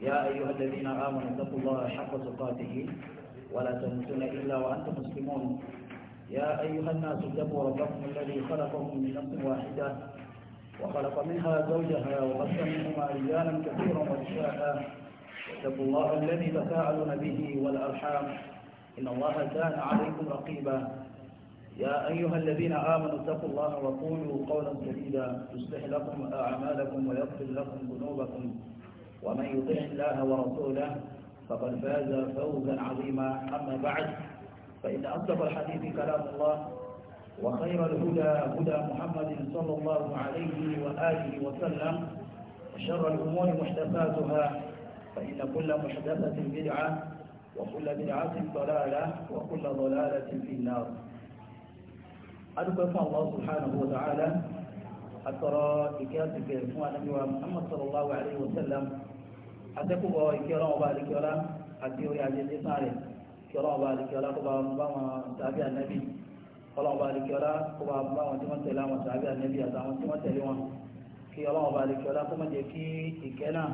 يا أيها الذين آمنوا اتقوا الله حق تقاته ولا تموتن إلا وأنتم مسلمون يا أيها الناس اتقوا ربكم الذي خلقكم من نفس واحدة وخلق منها زوجها وبث منهما رجالا كثيرا ونساء اتقوا الله الذي تساءلون به والأرحام إن الله كان عليكم رقيبا يا أيها الذين آمنوا اتقوا الله وقولوا قولا سديدا يصلح لكم أعمالكم ويغفر لكم ذنوبكم ومن يطع الله ورسوله فقد فاز فوزا عظيما أما بعد فإن أصدق الحديث كلام الله وخير الهدى هدى محمد صلى الله عليه وآله وسلم وشر الأمور محدثاتها فإن كل محدثة بدعة وكل بدعة ضلالة وكل ضلالة في النار أدبف الله سبحانه وتعالى أترى في يرفوها نبي محمد صلى الله عليه وسلم atẹ́kùbọ̀ ìkẹ́ ọlọ́run ọba àdìkẹ́ọ́lá àti orí ajẹ́jẹ́ sáà rẹ̀ kí ọlọ́run ọba àdìkẹ́ọ́lá kó bá wọn bá wọn tàbí ànábì ọlọ́run ọba àdìkẹ́ọ́lá kó bá wọn bá wọn tí wọ́n tẹ̀lé àwọn tàbí ànábì àtàwọn tí wọ́n tẹ̀lé wọn kí ọlọ́run ọba àdìkẹ́ọ́lá kó má jẹ́ kí ìkẹ́ náà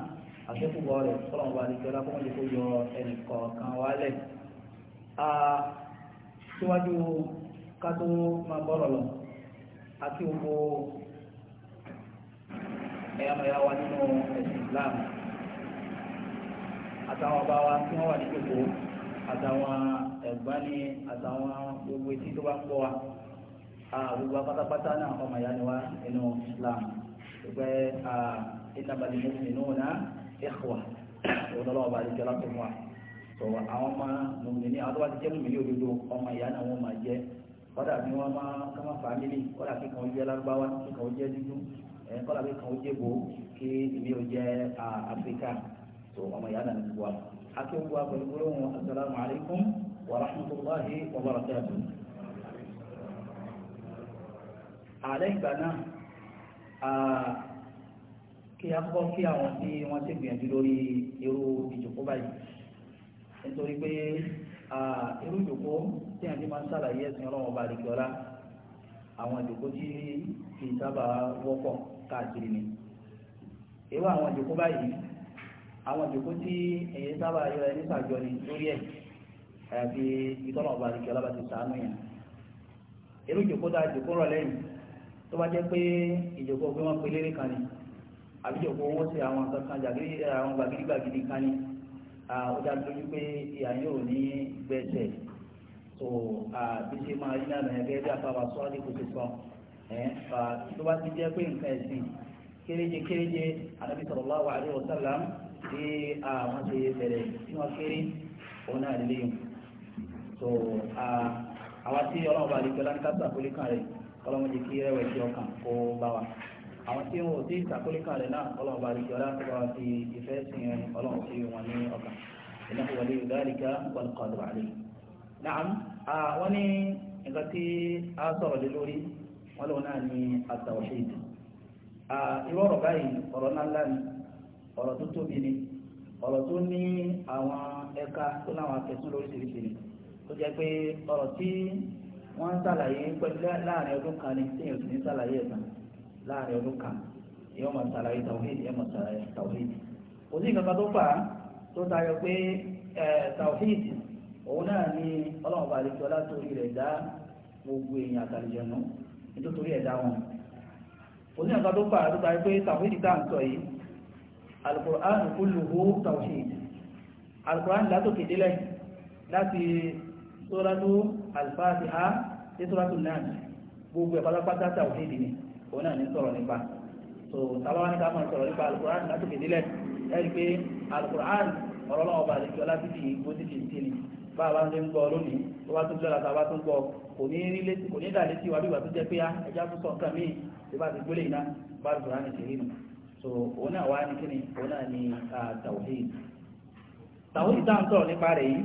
àtẹ́kùbọ̀ rẹ̀ ọlọ́run ọba àdìkẹ́ọ́lá kó má jẹ́ kó yọ ẹnì kọ̀ọ̀kan wálẹ̀. síwájú ká tó máa bọ́rọ̀ lọ àti gbogbo ẹ̀yàmẹ̀yà wa nínú ẹ̀sìn Islam àtàwọn ọba wa tí wọ́n wà ní kókó àtàwọn ẹ̀gbọ́n ni àtàwọn gbogbo etí tó bá ń gbọ́ wa gbogbo apátápátá náà ọmọ ìyá ni wa nínú Islam gbogbo ìtàbàlì mu'minuna ikhwa ìwọ́nọ́lọ́ ọba àdìjọ́ látọ̀ mọ́ wa tó àwọn ọmọ mùmìnì àwọn tó bá ti jẹ́ mùmìnì òdodo ọmọ ìyá náà wọ́n máa jẹ́ kọ́dà bí wọ́n máa kọ́mọ́ fàmílì kọ́dà kí kan jẹ́ lárúbáwá kí kan jẹ́ dúdú kọ́dà kí kan jẹ́ bò kí èmi ò jẹ́ Áfíríkà tó ọmọ ìyá náà ti wá akéwù wa pẹ̀lú gbólóhùn asalaamu alaykum wa rahmatulahi wa barakatu. àlẹ́ ìgbà náà kí a kọ́ kí àwọn tí wọ́n ti gbìyànjú lórí irú ìjòkó báyìí nítorí pé irú ìjòkó tí àti máa ń sàlàyé ẹ̀sìn ọlọ́run ọba àdìgbọ́lá àwọn ìjòkó tí kì í sábà wọ́pọ̀ káàkiri ni irú àwọn ìjòkó báyìí àwọn ìjòkó tí èyí sábà yọ ẹni sàjọ ni lórí ẹ̀ àyàfi ìtọ́nà ọba àti ìjọba ti sàánú yẹn irú ìjòkó tá a jòkó rọ̀ lẹ́yìn tó bá jẹ́ pé ìjòkó pé wọ́n pe lérè kan ni àbí ìjòkó wọ́n ṣe àwọn kankan jàgídí àwọn gbàgídígbàgídí kan ni ó dá lójú pé ìyá yóò ní gbẹ̀sẹ̀ tó bí ṣe máa rí náà gẹ́gẹ́ bí àpapọ̀ sọ́ọ́dí kò ti sọ tó bá ti jẹ́ pé nǹkan ẹ̀sìn kéréje kéréje ànábì sallallahu alaihi wasallam tí àwọn ti bẹ̀rẹ̀ tí wọ́n kéré òun náà lè yùn so àwọn tí ọlọ́run bá dìgbò láti káṣí àkólíkà rẹ̀ ọlọ́run jẹ́ kí rẹ̀wẹ̀sì ọkàn kó bá wa àwọn tí wọn ò tí ìsàkólíkà rẹ̀ náà ọlọ́run bá dìgbò láti bá wa fi ìfẹ́ sìn ọlọ́run sí wọn ní ọkàn ìnáwó wọlé ìdáríkà wọn kọ́ ọ̀dọ̀ àlè naam wọ́n ní nǹkan tí a sọ̀rọ̀ lé lórí wọ́n lóun náà ní àtàwọ̀ṣe ìdí irú ọ̀rọ̀ báyìí ọ̀rọ̀ náà ńlá ọrọ tó tóbi ni ọ̀rọ̀ ní àwọn ẹ̀ka tó láwọn akẹ́sùn lóríṣiríṣi ni tó jẹ́ pé ọ̀rọ̀ tí wọ́n ń ṣàlàyé pẹ̀lú láàrin ọdún kan ni tí èèyàn sì ní ṣàlàyé ẹ̀ka láàrin ọdún kan èèyàn máa ṣàlàyé tawhid èèyàn máa ṣàlàyé tawhid kò sí nǹkan kan tó fà á tó tayọ pé tawhid òun náà ni ọlọ́run bá àlejò látòrí rẹ̀ dá gbogbo èèyàn àtàlejò nù nítorí ẹ̀dá wọn kò sí nǹkan tó fà á tó tayọ pé tá à ń sọ yìí alukur'an kulluhu tawhid alukur'an látòkè délẹ̀ láti sóràtú alfatiha sí sóràtú náà gbogbo ẹ̀ pátápátá tawhid ni òun náà ní sọ̀rọ̀ nípa so tàbá ní ká máa sọ̀rọ̀ nípa alukur'an látòkè délẹ̀ ẹ̀rí pé alukur'an ọ̀rọ̀ náà ọba àdéjọ́ láti fi bó ti fi ti ni bá a bá ń lé ń gbọ́ lónìí tó bá tún lọ́la tá a bá tún so òun náà wá ní kíni òun náà ní tawhid tawhid táwọn sọ̀rọ̀ nípa rẹ̀ yìí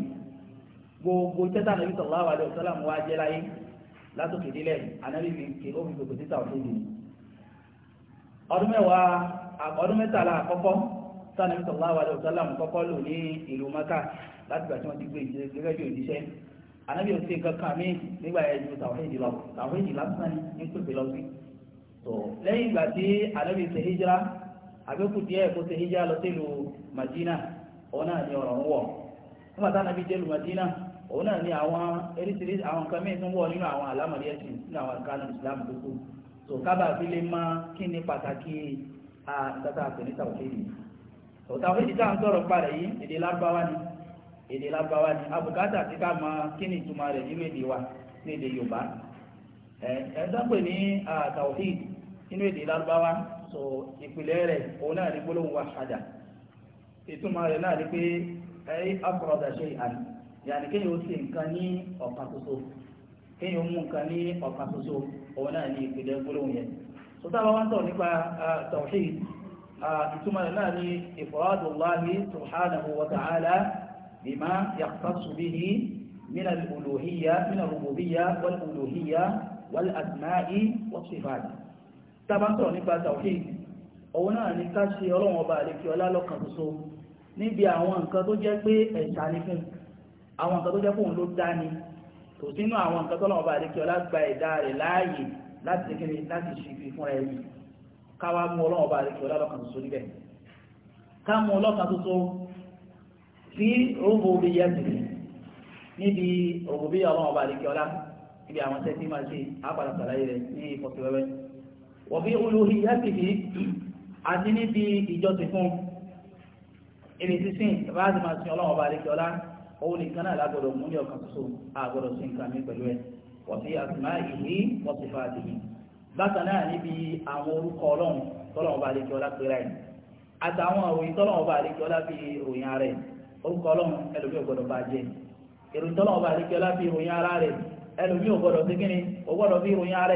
gbogbo tẹ́tà nàbí sallallahu alaihi wasallam wá jẹ́ láyé látòkè délẹ̀ anábì fi kí ó fi gbogbo sí tawhid ni ọdún mẹ́wàá ọdún mẹ́tàlá àkọ́kọ́ sanabi sallallahu alaihi wasallam kọ́kọ́ lò ní ìlú maka láti gbà tí wọ́n ti gbé ìdílé gẹ́gẹ́ bí òjíṣẹ́ anábì ò sí nǹkan kan mí nígbà yẹn ju tawhid lọ tawhid lásán ní pèpè lọ sí lẹ́yìn ìgbà tí anábì ṣe hijira àbíkù díẹ̀ kó ṣe hijira lọ sí ìlú Madina òun náà ni ọ̀rọ̀ ń wọ̀ nígbà táwọn ẹbí délùú Madina òun náà ni àwọn eréṣiríṣi àwọn nǹkan mìíràn tó ń wọ̀ nínú àwọn àlámọ̀rí ẹ̀sìn nínú àwọn nǹkan Islam tó kù tó kábàá fi lè máa kí ni pàtàkì àtàtà àtẹ̀ní tàwọ̀fẹ́lì tàwọ̀fẹ́lì tá à ń sọ̀rọ̀ parẹ̀ yìí èdè lágbáwá ni èdè lágbáwá ni abùkátà ti ká mọ kí ni ìtumọ̀ rẹ̀ nínú èdè wa ní èdè Yorùbá ẹ̀ ẹ̀ dápè ní tàwọ̀fẹ́lì nínú èdè lágbáwá so ìpìlẹ̀ rẹ̀ òun náà ní gbólóhùn wa ṣáda ìtumọ̀ rẹ̀ náà ní pé ẹ̀yìn afọ̀rọ̀dà ṣe àná yàní kéèyàn ó sì nǹkan ní ọ̀kan ṣoṣo kéèyàn ó mú nǹkan ní ọ̀kan ṣoṣo òun náà ní ìpìlẹ̀ gbólóhùn yẹn so táwọn wá ń tọ̀ nípa tọ̀ṣì ìtumọ̀ rẹ̀ náà ní ìfọ̀rọ̀dùnláhi subhanahu wa ta'ala bima yàtọ̀ṣù bihi من الألوهية من الربوبية والألوهية والأسماء والصفات tàbá sọ̀rọ̀ nípa tawhid ọ̀wọ́ náà ní ká ṣe ọlọ́wọ́n ọba àlekí ọlá tó so níbi àwọn nǹkan tó jẹ́ pé ẹ̀ṣà ní fún àwọn nǹkan tó jẹ́ fóun ló dá ni kò sínú àwọn nǹkan tọ́lọ́wọ́n ọba àlekí ọlá gba ẹ̀dá rẹ̀ láàyè láti kiri láti ṣe ìfi fúnra ẹ̀mí káwá mú ọlọ́wọ́n ọba àlekí ọlá lọ́kàn tó so níbẹ̀ ká mú ọlọ́kàn tó so fi rububiyyatihi níbi rububiyyah ọlọ́wọ́n ọba àlekí ọlá níbi àwọn tẹ́tí máa ṣe àpàlàpàlà yìí wọ̀bí olùhìyàtìbí àti níbi ìjọsìn fún ibi sísìn ìbáàzì máa sin ọlọ́wọ́ bá àríkẹ́ ọlá òun nìkan náà lágbọ̀dọ̀ mú ní ọkàn tó àgbọ̀dọ̀ sí nǹkan mi pẹ̀lú ẹ̀ wọ̀bí àtìmá ìhí wọ́sífà àdìyí bákan náà níbi àwọn orúkọ ọlọ́run tọ́lọ́wọ́ bá àríkẹ́ ọlá péré ẹ̀ àtàwọn òròyìn tọ́lọ́wọ́ bá àríkẹ́ ọlá fi ròyìn ara ẹ̀ orúkọ ọlọ́run ẹlòmíì ògbọ́dọ̀ bá jẹ́ ìròyìn tọ́lọ́wọ́ bá àríkẹ́ ròyìn ara rẹ̀ ẹlòmíì sí kíni ògbọ́dọ̀ fi ròyìn ara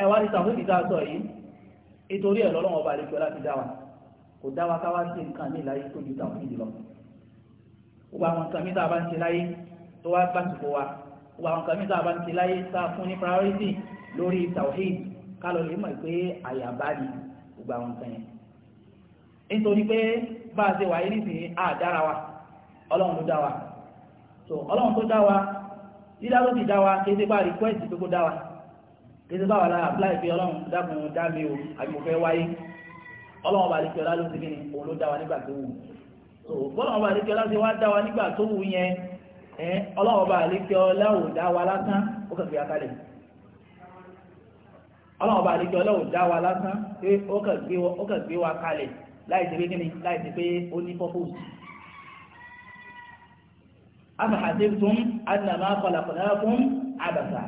ẹwà ní tàbí ìta sọ yìí nítorí ẹ̀ lọ́lọ́wọ́ bá lè jọ láti dáwà kò dáwà káwá sí nǹkan ní ìláyé tó ju tàbí ìdílọ gbogbo àwọn nǹkan mìíràn bá ń ṣe láyé tó wá gbàsìkò wa gbogbo àwọn nǹkan mìíràn bá ń ṣe láyé tá a fún ní priority lórí tawhid ká lọ lè mọ̀ pé àyàbá ni gbogbo àwọn nǹkan yẹn nítorí pé bá a ṣe wáyé nísìnyí á dára wa ọlọ́run ló dá wa so ọlọ́run tó dá wa dídá ló ti dá wa kí ẹ ti bá request tó kó dá wa títí báwa la apply pé ọlọ́run dákun dá mi o àbí mo fẹ́ wáyé ọlọ́run bá àdékẹ́ ọlá ló ti kíni òun ló dá wa nígbà tó wù so bọ́lọ́run bá àdékẹ́ ọlá ti wá dá wa nígbà tó wù yẹn ẹ ọlọ́run bá àdékẹ́ ọlá ò dá wa lásán ó kàn fi akalẹ̀ ọlọ́run bá àdékẹ́ ọlá ò dá wa lásán pé ó kàn gbé wa kalẹ̀ láì ti pé kíni láì ti pé ó ní purpose afahàtẹ́tùm annama kọlàkọlàkùn àbàtà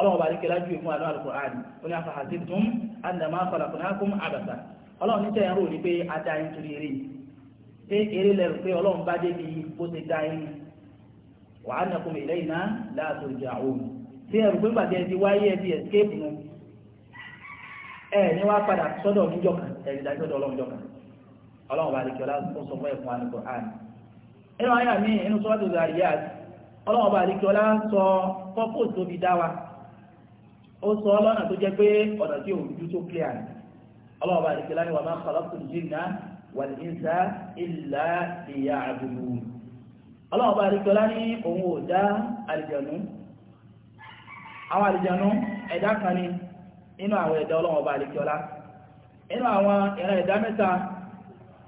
ọlọ́wọ́ bá níkẹ́ lájú ìfún àlọ́ alùkùránì ó ní afahàzí tún àdàmà falakunákún àbàtà ọlọ́wọ́ ní tẹ́yàn rò ní pé a dá yín torí eré pé eré lẹ́rù pé ọlọ́run bá dé bí bó ti dá yín wà á nàkún ilé iná láàtò ìjà òun tí ẹrù pé gbàgbé ti wáyé ẹ ti escape nu ẹ ní wá padà sọ́dọ̀ níjọ́ ẹ̀rí dájú sọ́dọ̀ bá níkẹ́ ọlá bá níkẹ́ ọlá sọ kọ́kọ́ tóbi dá ó sọ ọ́ lọ́nà tó jẹ́ pé ọ̀nà tí òun jú tó clear ni ọlọ́ọ̀bá ni wa ma khalaqtul jinna wal insa illa liya'budun ọlọ́ọ̀bá òun ò dá àlìjẹ̀nú àwọn àlìjẹ̀nú ẹ̀dá kan ni inú àwọn ẹ̀dá ọlọ́ọ̀bá àdìgbélá inú àwọn ẹ̀rọ ẹ̀dá mẹ́ta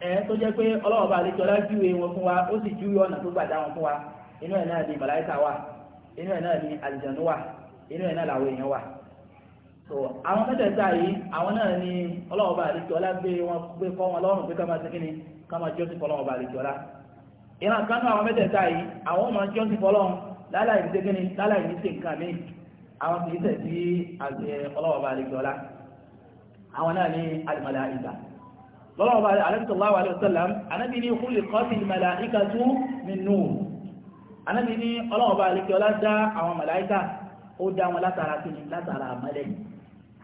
ẹ̀ tó jẹ́ pé ọlọ́ọ̀bá àdìgbélá júwe wọn fún wa ó sì júwe ọ̀nà tó gbàdá wọn fún wa inú ẹ̀ náà ni wà inú ẹ̀ náà so àwọn mẹ́tẹ̀ẹ̀ta yìí àwọn náà ni ọlọ́ọ̀bà àríkíọ́lá gbé wọn gbé kọ́ wọn lọ́rùn pé ká máa tẹ́kíní ká máa jọ́sìn fọlọ́ọ̀bà àríkíọ́lá ìran kánú àwọn mẹ́tẹ̀ẹ̀ta yìí àwọn máa jọ́sìn fọlọ́ọ̀n láláì ní tẹ́kíní láláì ní sí nǹkan mi àwọn kì í tẹ̀ sí àgbẹ̀ ọlọ́ọ̀bà àríkíọ́lá àwọn náà ni alìmọ̀láìkà lọ́lọ́ọ̀bà alẹ́sọ̀láwà alẹ́sọ̀lám anábì ní kúlì kọ́sì màláìkà tú min nur anábì ní ọlọ́ọ̀bà àríkíọ́lá dá àwọn màláìkà ó dá wọn látara kìnnì látara màlẹ́yìn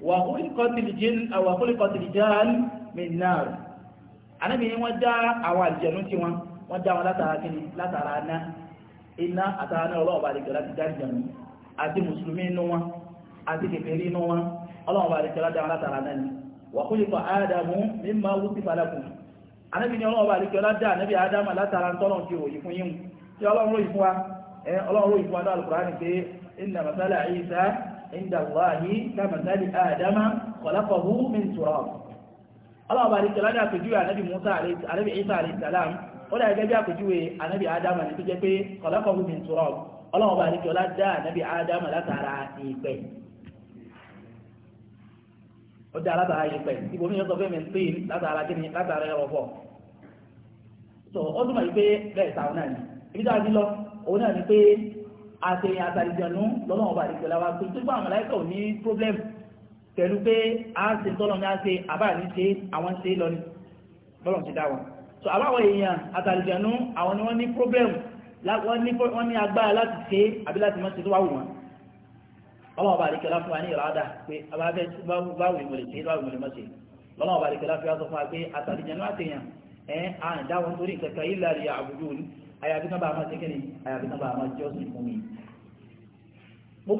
wa khuliqatil jinnu min nar anábì ni wọ́n dá àwọn àlùjànnú tí wọn wọ́n dá wọn látara kí ni látara aná iná àtara náà ọlọ́ọ̀bà àlejò láti dá àlùjànnú àti mùsùlùmí inú wọn àti kèfèrí inú wọn ọlọ́ọ̀bà àlejò láti dá wọn látara náà ni wa khuliqa ádámù mimma wusifa lakum anábì ni ọlọ́ọ̀bà àlejò láti dá عند الله كما كمثل آدم خلقه من تراب الله بارك لنا كجوة النبي موسى عليه النبي عيسى عليه السلام ولا يجب كجوة النبي آدم النبي جبه خلقه من تراب الله بارك لنا النبي آدم لا ترى إيبين ọjà لا ìpẹ̀ ibòmí yóò sọ pé mẹ́ntín látara kíni látara ẹ̀rọ fọ́ so ó túnmọ̀ yìí pé bẹ́ẹ̀ sàwọn náà ni ibi tá a lọ òun náà ni pé àtẹ̀yìn àtàlìjọ̀nù lọ́nà ọba àdìgbòlá wa pé tó bá àwọn aláìkà ò ní problem pẹ̀lú pé a ń ṣe tọ́lọ́ ní a ṣe àbá ní ṣe àwọn ṣe lọ ní lọ́nà ti dá wọn so àbáwọ̀ èèyàn àtàlìjọ̀nù àwọn ni wọ́n ní problem wọ́n ní agbára láti ṣe àbí láti mọ́ ṣe tó wà wù wọn ọlọ́wọ́ bá àdìgbòlá fún wa ní ìràdà pé abáfẹ́ báwù ìmọ̀lẹ̀ ṣe báwù ìmọ̀lẹ̀ mọ́ ṣe lọ́nà ọba àdìgbòlá fi wá sọ fún wa pé àtàlìjọ̀nù àtẹ̀yàn ẹ̀ à ń dá wọn torí kẹkẹ ilẹ̀ àríyá àbújú àyàfi kan bá a máa ṣe kíni àyàfi gbogbo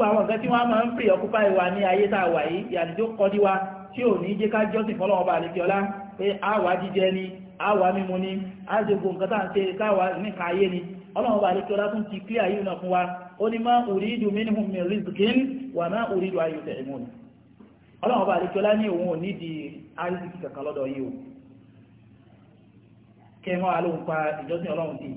àwọn nǹkan tí wọ́n máa ń pè ọkúpá ìwà ní ayé tá a wà yìí ìyàtí tó kọ́ ka tí ò ní jẹ́ ká jọ́sìn fún ọlọ́wọ́ bá a lè fi ọlá pé àwa jíjẹ ni àwa mímu ni a ṣe gbogbo nǹkan tá à ń ni ọlọ́wọ́ bá a lè fi ọlá tún ti clear yìí náà fún wa ó ní má ni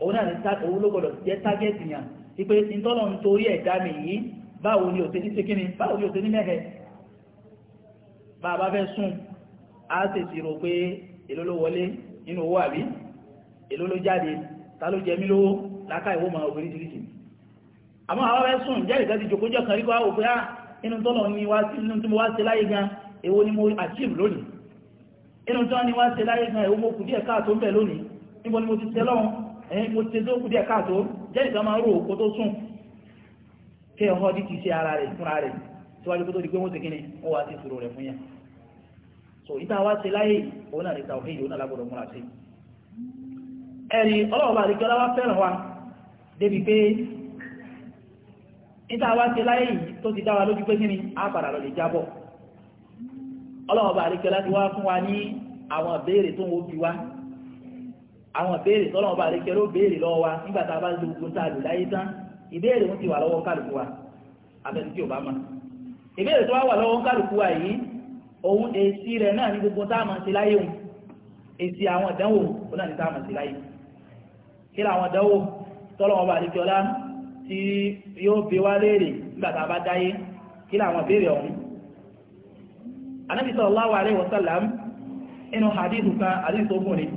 òun náà ní òun ló gbọdọ̀ jẹ́ tágẹ́tì yàn wípé ìtọ́lọ̀ ń torí ẹ̀dá mi yìí báwo ni òtẹ́ ní sékíní báwo ni òtẹ́ ní mẹ́hẹ̀ bá a bá fẹ́ sùn á sì sì rò pé èló ló wọlé nínú owó àbí èló ló jáde ta ló jẹ mí lówó láká ìwó máa obìnrin tìrìtì àmọ́ àwọn fẹ́ sùn jẹ́ ìgbà tí jòkójọ́ kan rí kó áwò ah, ni mo ti ṣe ẹ̀yìn mo ti tó kú díẹ̀ káàtó jẹ́ ìkan máa ń rò kó tó sùn kí ẹ̀ họ́ díkì sí ara rẹ̀ fúnra rẹ̀ síwájú kó tó di pé wọ́n ti kíni wọ́n wá sí ìṣòro rẹ̀ fún yẹn so ìta wá ṣe láyé òun náà ní tàwíìdì òun alágbọ̀dọ̀ múra sí ẹ̀rì ọlọ́ọ̀bà àti kíọ́lá wá fẹ́ràn wa débi pé ìta wá ṣe láyé tó ti dá wa lójú pé kíni á padà lọ lè jábọ̀ ọlọ́ọ̀bà àti kíọ́lá ti wá fún wa ní àwọn ìbéèrè tó ń wo bí wa àwọn ìbéèrè tọ́lọ́ ọba àríkẹ́ ló béèrè lọ́wọ́ wa nígbà tá a bá lo ogun tá a lò láyé tán ìbéèrè wọn ti wà lọ́wọ́ kálukú wa abẹ́ni tí ò bá mọ̀ ìbéèrè tó wá wà lọ́wọ́ kálukú wa yìí òun èsì rẹ̀ náà ní gbogbo táàmù sí láyé òun èsì àwọn ìdánwò òun náà ní táàmù sí láyé kí ni àwọn ìdánwò tọ́lọ́ ọba àríkẹ́ ọlá tí yóò bí wá léèrè nígbà tá a bá dáyé kí ni àwọn ìbéèrè ọ̀hún anábì sallallahu alaihi wasallam inú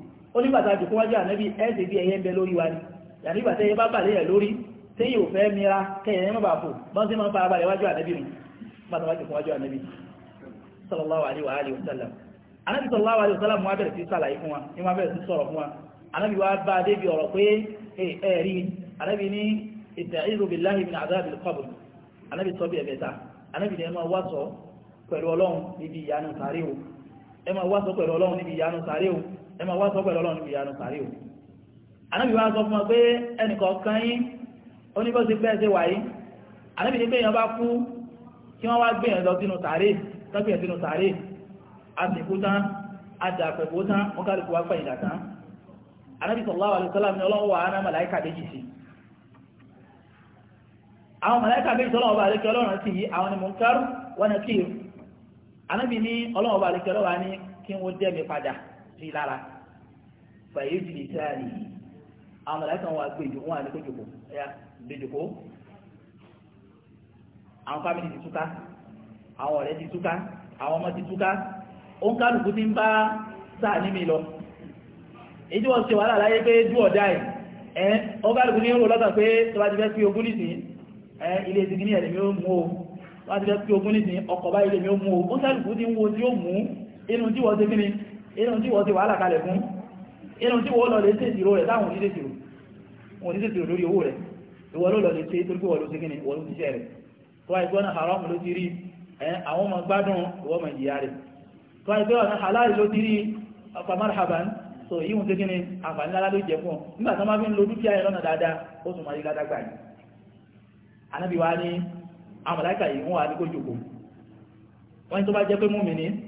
ó ní bàtà jù kúnwájú ànábì ẹ́ẹ̀sì bí ẹyẹ ń bẹ lórí wa ni yàní bàtà ẹyẹ bá bàlẹ̀ yẹ̀ lórí tẹ́yìn ò fẹ́ mira kẹyẹ ẹ̀ mọ́bà fò bọ́n sí máa ń fara balẹ̀ wájú ànábì nù bàtà wájú kúnwájú ànábì sallallahu alaihi wa alihi wa sallam ànábì sallallahu alaihi wa sallam wá bẹ̀rẹ̀ sí sàlàyé fún wa ní wá bẹ̀rẹ̀ sí sọ̀rọ̀ fún wa ànábì wá bá a débi ọ̀rọ̀ pé ẹ̀rí ẹ máa wá sọ pẹ̀lú ọlọ́run níbi ìyanu sàárì o anábì wá sọ fún wọn pé ẹnìkọ̀ọ̀kan yín ó ní bó ti bẹ́ẹ̀ ṣe wà anábì ní pé èèyàn bá kú kí wọ́n wá gbé lọ sínú sàárì sínú sàárì tán tán wọ́n wá pẹ̀yìn anábì ni ọlọ́run wà á màláìkà méjì sí àwọn màláìkà méjì bá ọlọ́run àwọn ni anábì ní sí lára fàyè jìlì tí a nìyí àwọn mọ̀láìkà wọn àgbè jù wọn àdékò jòkó ẹ̀yà ìdèjòkó àwọn fámìlì ti túká àwọn ọ̀rẹ́ ti túká àwọn ọmọ ti túká ó ń kálukú ti ń bá sáà ní mi lọ èyí wọ́n ṣe wàhálà láyé pé dú ọ̀dá ẹ̀ ẹ̀ ọgbàlùkù ní ọrọ̀ lọ́tà pé tó bá ti fẹ́ pí ogún nìsìn ẹ̀ ilé ìsìnkí ní ẹ̀lẹ̀mí ó mú o tó ti fẹ́ pí ogún nìsìn ọkọ̀ bá ilé mi ó mú o ó sẹ́lùkù ti ń wo tí ó mú inú tí wọ́n ṣe kí ni inú tí wọ́n ti wà lákalẹ̀ fún inú tí wọ́n lọ lè tẹ́ ìrò rẹ̀ láwọn oníṣẹ́ ìrò lórí owó rẹ̀ ìwọ́n ló lọ lè tẹ́ torípé wọ́n ló ṣe gíní wọ́n ló ṣiṣẹ́ rẹ̀ tó àìpé ọ̀nà haram ló ti rí àwọn ọmọ gbádùn ìwọ́n mọ̀ ìjìyà rẹ̀ tó àìpé ọ̀nà halal ló ti rí ọ̀pá so yíwọ́n ṣe gíní àǹfààní lára ló jẹ fún ọ nígbà tó máa fi ń lo dúkìá ẹ̀ lọ́nà dáadáa ó tún máa rí ládágbà yìí anábì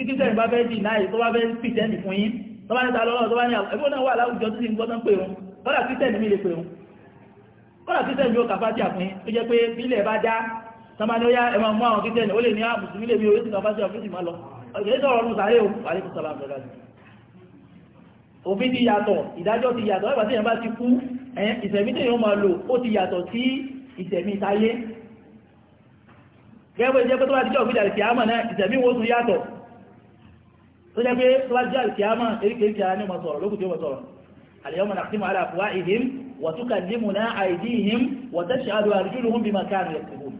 tí kírísẹ̀rì bá fẹ́ dì láì tó bá fẹ́ pìtẹ́nì fún yín tó bá níta lọ́rọ̀ tó bá ní ẹgbẹ́ náà wà láwùjọ tí ń gbọ́tán pè wọn kọ́dà kírísẹ̀rì mi lè pè wọn kọ́dà kírísẹ̀rì yóò kàfá tí àfún tó jẹ́ pé bílẹ̀ bá dá tọ́mọdé ó yá ẹ mú àwọn kírísẹ̀rì ó lè ní àbùsùn ah, ilé mi ó sì kàfá sí ọ̀fíìsì máa lọ ọ̀gẹ́ sọ̀rọ̀ ọ̀run sáré o àlékún sọ̀rọ̀ àbẹ̀rẹ̀ òfin ti yàtọ̀ ìdájọ́ ti yàtọ̀ ẹgbà tí èèyàn bá ti kú ìṣẹ̀mí tí èèyàn lò ó ti yàtọ̀ sí ìṣẹ̀mí táyé gẹ́gbẹ́ jẹ́ pé tó bá ti jẹ́ òfin dàrí kìámọ̀ náà ìṣẹ̀mí wo tún yàtọ̀ tó jẹ́ pé tó bá jẹ́ alkiyama eríkèríkè ní ọmọ sọ̀rọ̀ lókùtí ọmọ sọ̀rọ̀ al-yawma nakhtimu ala afwahihim wa tukallimuna aydihim wa tashhadu arjuluhum bima kanu yaktubun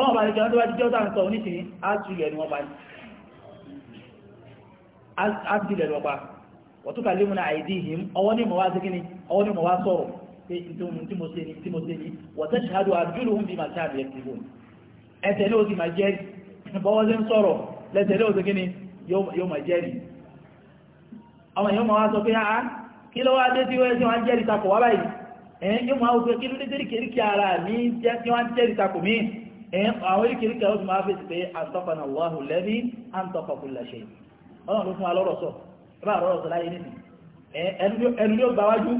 ọmọ bá nìkan tó bá jẹ́ ọ̀tà nǹkan oníṣìí àtúlẹ̀ ni wọ́n pa wa tukallimuna aydihim ọwọ́ ní mọ̀wá sí kíni ọwọ́ ní mọ̀wá sọ̀rọ̀ pé tí ṣe ni tí mo ṣe ni wa tashhadu bọ́wọ́ sí ń sọ̀rọ̀ lẹ́tẹ̀ ní yóò mọ̀ jẹ́rì àwọn èèyàn ma wá sọ pé àá kí ló wá dé tí wọ́n wá jẹ́rì takò wá báyìí ẹ̀yìn yóò máa wọ́pẹ́ kí ló dé tẹ́ríkẹ́ríkẹ́ ara mi jẹ́ tí wọ́n jẹ́rì takò mí àwọn eríkẹ́ríkẹ́ ó ti máa fèsì pé àtọ́kànà Allahu lẹ́bí àǹtọ́kàkùnlẹ̀ṣẹ̀ ọlọ́run ló fún wa lọ́rọ̀ sọ ẹbá lọ́rọ̀ sọ láyé nìsín ẹnu yóò gbà wájú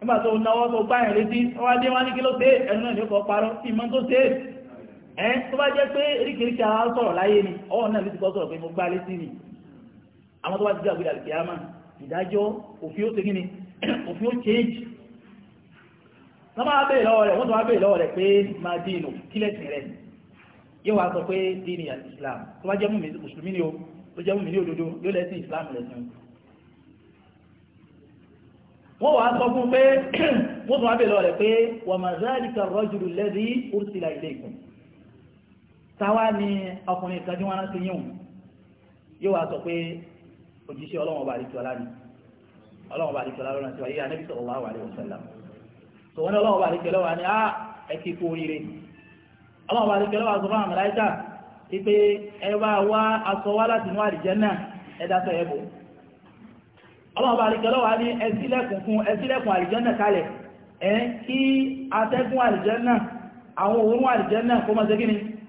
nígbà tó náwó tó gbáyàn létí wọ́n wá dé wá ní kí ló dé ẹnu náà ní ó parọ́ ìmọ̀ tó dé ẹ tó bá jẹ́ pé eríkèéríkèé àwọn sọ̀rọ̀ láyé ni ọwọ́ náà ló ti kọ́ sọ̀rọ̀ pé mo gbá létí ni àwọn tó bá ti gbàgbé àlùkè àmà ìdájọ́ òfin ó tẹ́gí ni òfin ó change wọ́n máa bèèrè lọ́wọ́ rẹ̀ wọ́n tó máa bèèrè lọ́wọ́ rẹ̀ pé máa dínú kílẹ̀sìn rẹ̀ yóò wá sọ pé dínú Islam tó bá jẹ́ mùsùlùmí ni o tó jẹ́ mùsùlùmí òdodo yóò lẹ́sìn Islam lẹ́sìn wọ́n wá sọ fún pé wọ́n tó máa bèèrè lọ́wọ́ rẹ̀ pé wa ma zalika ar-rajulu alladhi ursila ilaykum táwa ní ọkùnrin kan tí wọ́n rántí yóò wá sọ pé òjíṣẹ́ ọlọ́wọ́n bá àdìsí ọlá ni ọlọ́wọ́n bá àdìsí ọlá lọ́nà tí wà yíyá nẹ́bí sọ̀rọ̀ wáwà rẹ̀ ọ̀sẹ̀lá tó wọ́n ní ọlọ́wọ́n bá àdìsí ọlọ́wà ni áà ẹ ti kú oríire ọlọ́wọ́n bá àdìsí ọlọ́wà sọ fún àwọn màláíkà pé ẹ bá wá aṣọ wá láti inú àlùjánnà ẹ dáṣọ ẹ bò ọlọ́wọ́n bá àdìsí ọlọ́wà ni ẹ ṣílẹ̀kùn fún ẹ ṣílẹ̀kùn àlùjánnà kalẹ̀ ẹ kí atẹ́gùn àlùjánnà àwọn òórùn àlùjánnà kó máa ṣe kí ni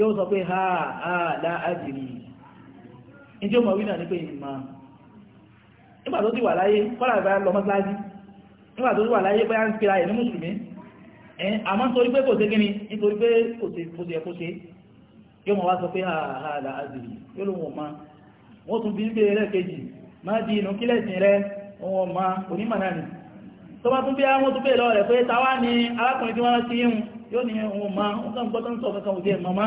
yóò sọ pé ha ha la adìrí ìjọ mọ̀ wí náà ní pé ìmọ̀ nígbà tó ti wà láyé kọ́lá ìbá lọ mọ́sálásí nígbà tó ti wà láyé bóyá ń pera ẹ̀ ní mùsùlùmí ẹ̀ àmọ́ nítorí pé kò sí kíni nítorí pé kò sí kò sí yóò mọ̀ wá sọ pé ha ha la adìrí yóò lóun ò ma wọ́n tún bí ń bèèrè lẹ́ẹ̀kejì má di inú kílẹ̀sìn rẹ òun ò ma onímọ̀ náà ni tó bá tún bí àwọn ni arákùnrin tí wọ́n ti yíhun yóò ní ohun ma ń kàn ń sọ kankan òjẹ́ màmá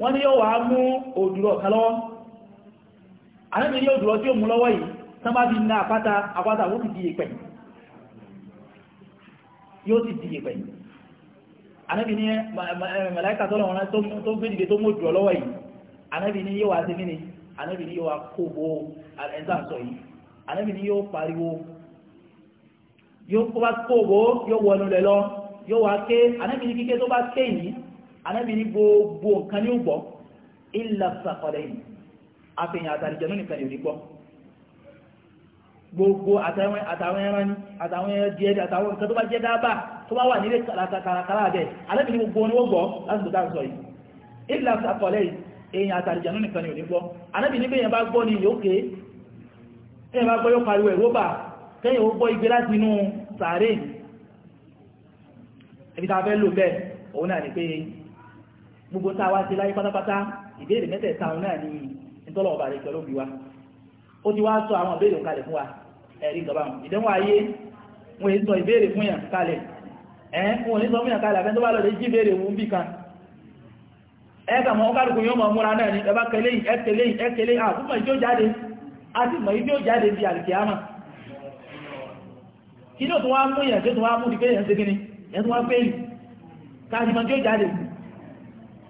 wọ́n ní yóò wá mú òdúrọ̀ kan lọ́wọ́ àníbi ní òdúrọ̀ tí ó mú lọ́wọ́ yìí tán bá fi na àpáta àpáta ó ti di ìpẹ̀ yóò ti di ìpẹ̀ àníbi ní eh, màláíkà tọ́lọ̀ tó gbé dìde tó mú òdúrọ̀ lọ́wọ́ yìí àníbi ní yóò wá sí ni anábì ní gbogbo nǹkan ní ògbọ́ ilẹ̀ sàkọ̀lẹ̀ yìí àfihàn àtàlìjẹ̀nú nìkan yóò rí gbọ́ gbogbo àtàwọn ẹran ní àtàwọn ẹjẹ́ àtàwọn nǹkan tó bá jẹ́ dábà tó bá wà nílé kàràkàrà abẹ́ anábì ní gbogbo ní ògbọ́ lásìkò tá à ń sọ yìí ilẹ̀ sàkọ̀lẹ̀ yìí èèyàn àtàlìjẹ̀nú nìkan yóò rí gbọ́ anábì ní bẹ́yẹn bá gbọ́ ní ìyókè èèyàn bá gbọ́ yóò pariwo ìróbà kẹ́yìn ó gbọ́ igbe láti inú sàárè ibi tá a fẹ́ lò òun náà ni pé gbogbo tá a wá sí láyé pátápátá ìbéèrè mẹ́tẹ̀ẹ̀ta ìtọ́lọ̀ ọba rẹ̀ pẹ̀lú òbí wa ó ti wá sọ àwọn ìbéèrè kalẹ̀ fún wa ẹ̀rí ìjọba wọn ìdánwò ayé wọn èyí sọ ìbéèrè fún yàn kalẹ̀ ẹ̀ wọn ní sọ fún yàn kalẹ̀ bá lọ́dẹ̀ jí ìbéèrè wọn kan ẹ kà mọ́ kálukú yóò mọ̀ múra náà ni ẹ bá kẹlé yìí yìí jáde jáde kí wá mú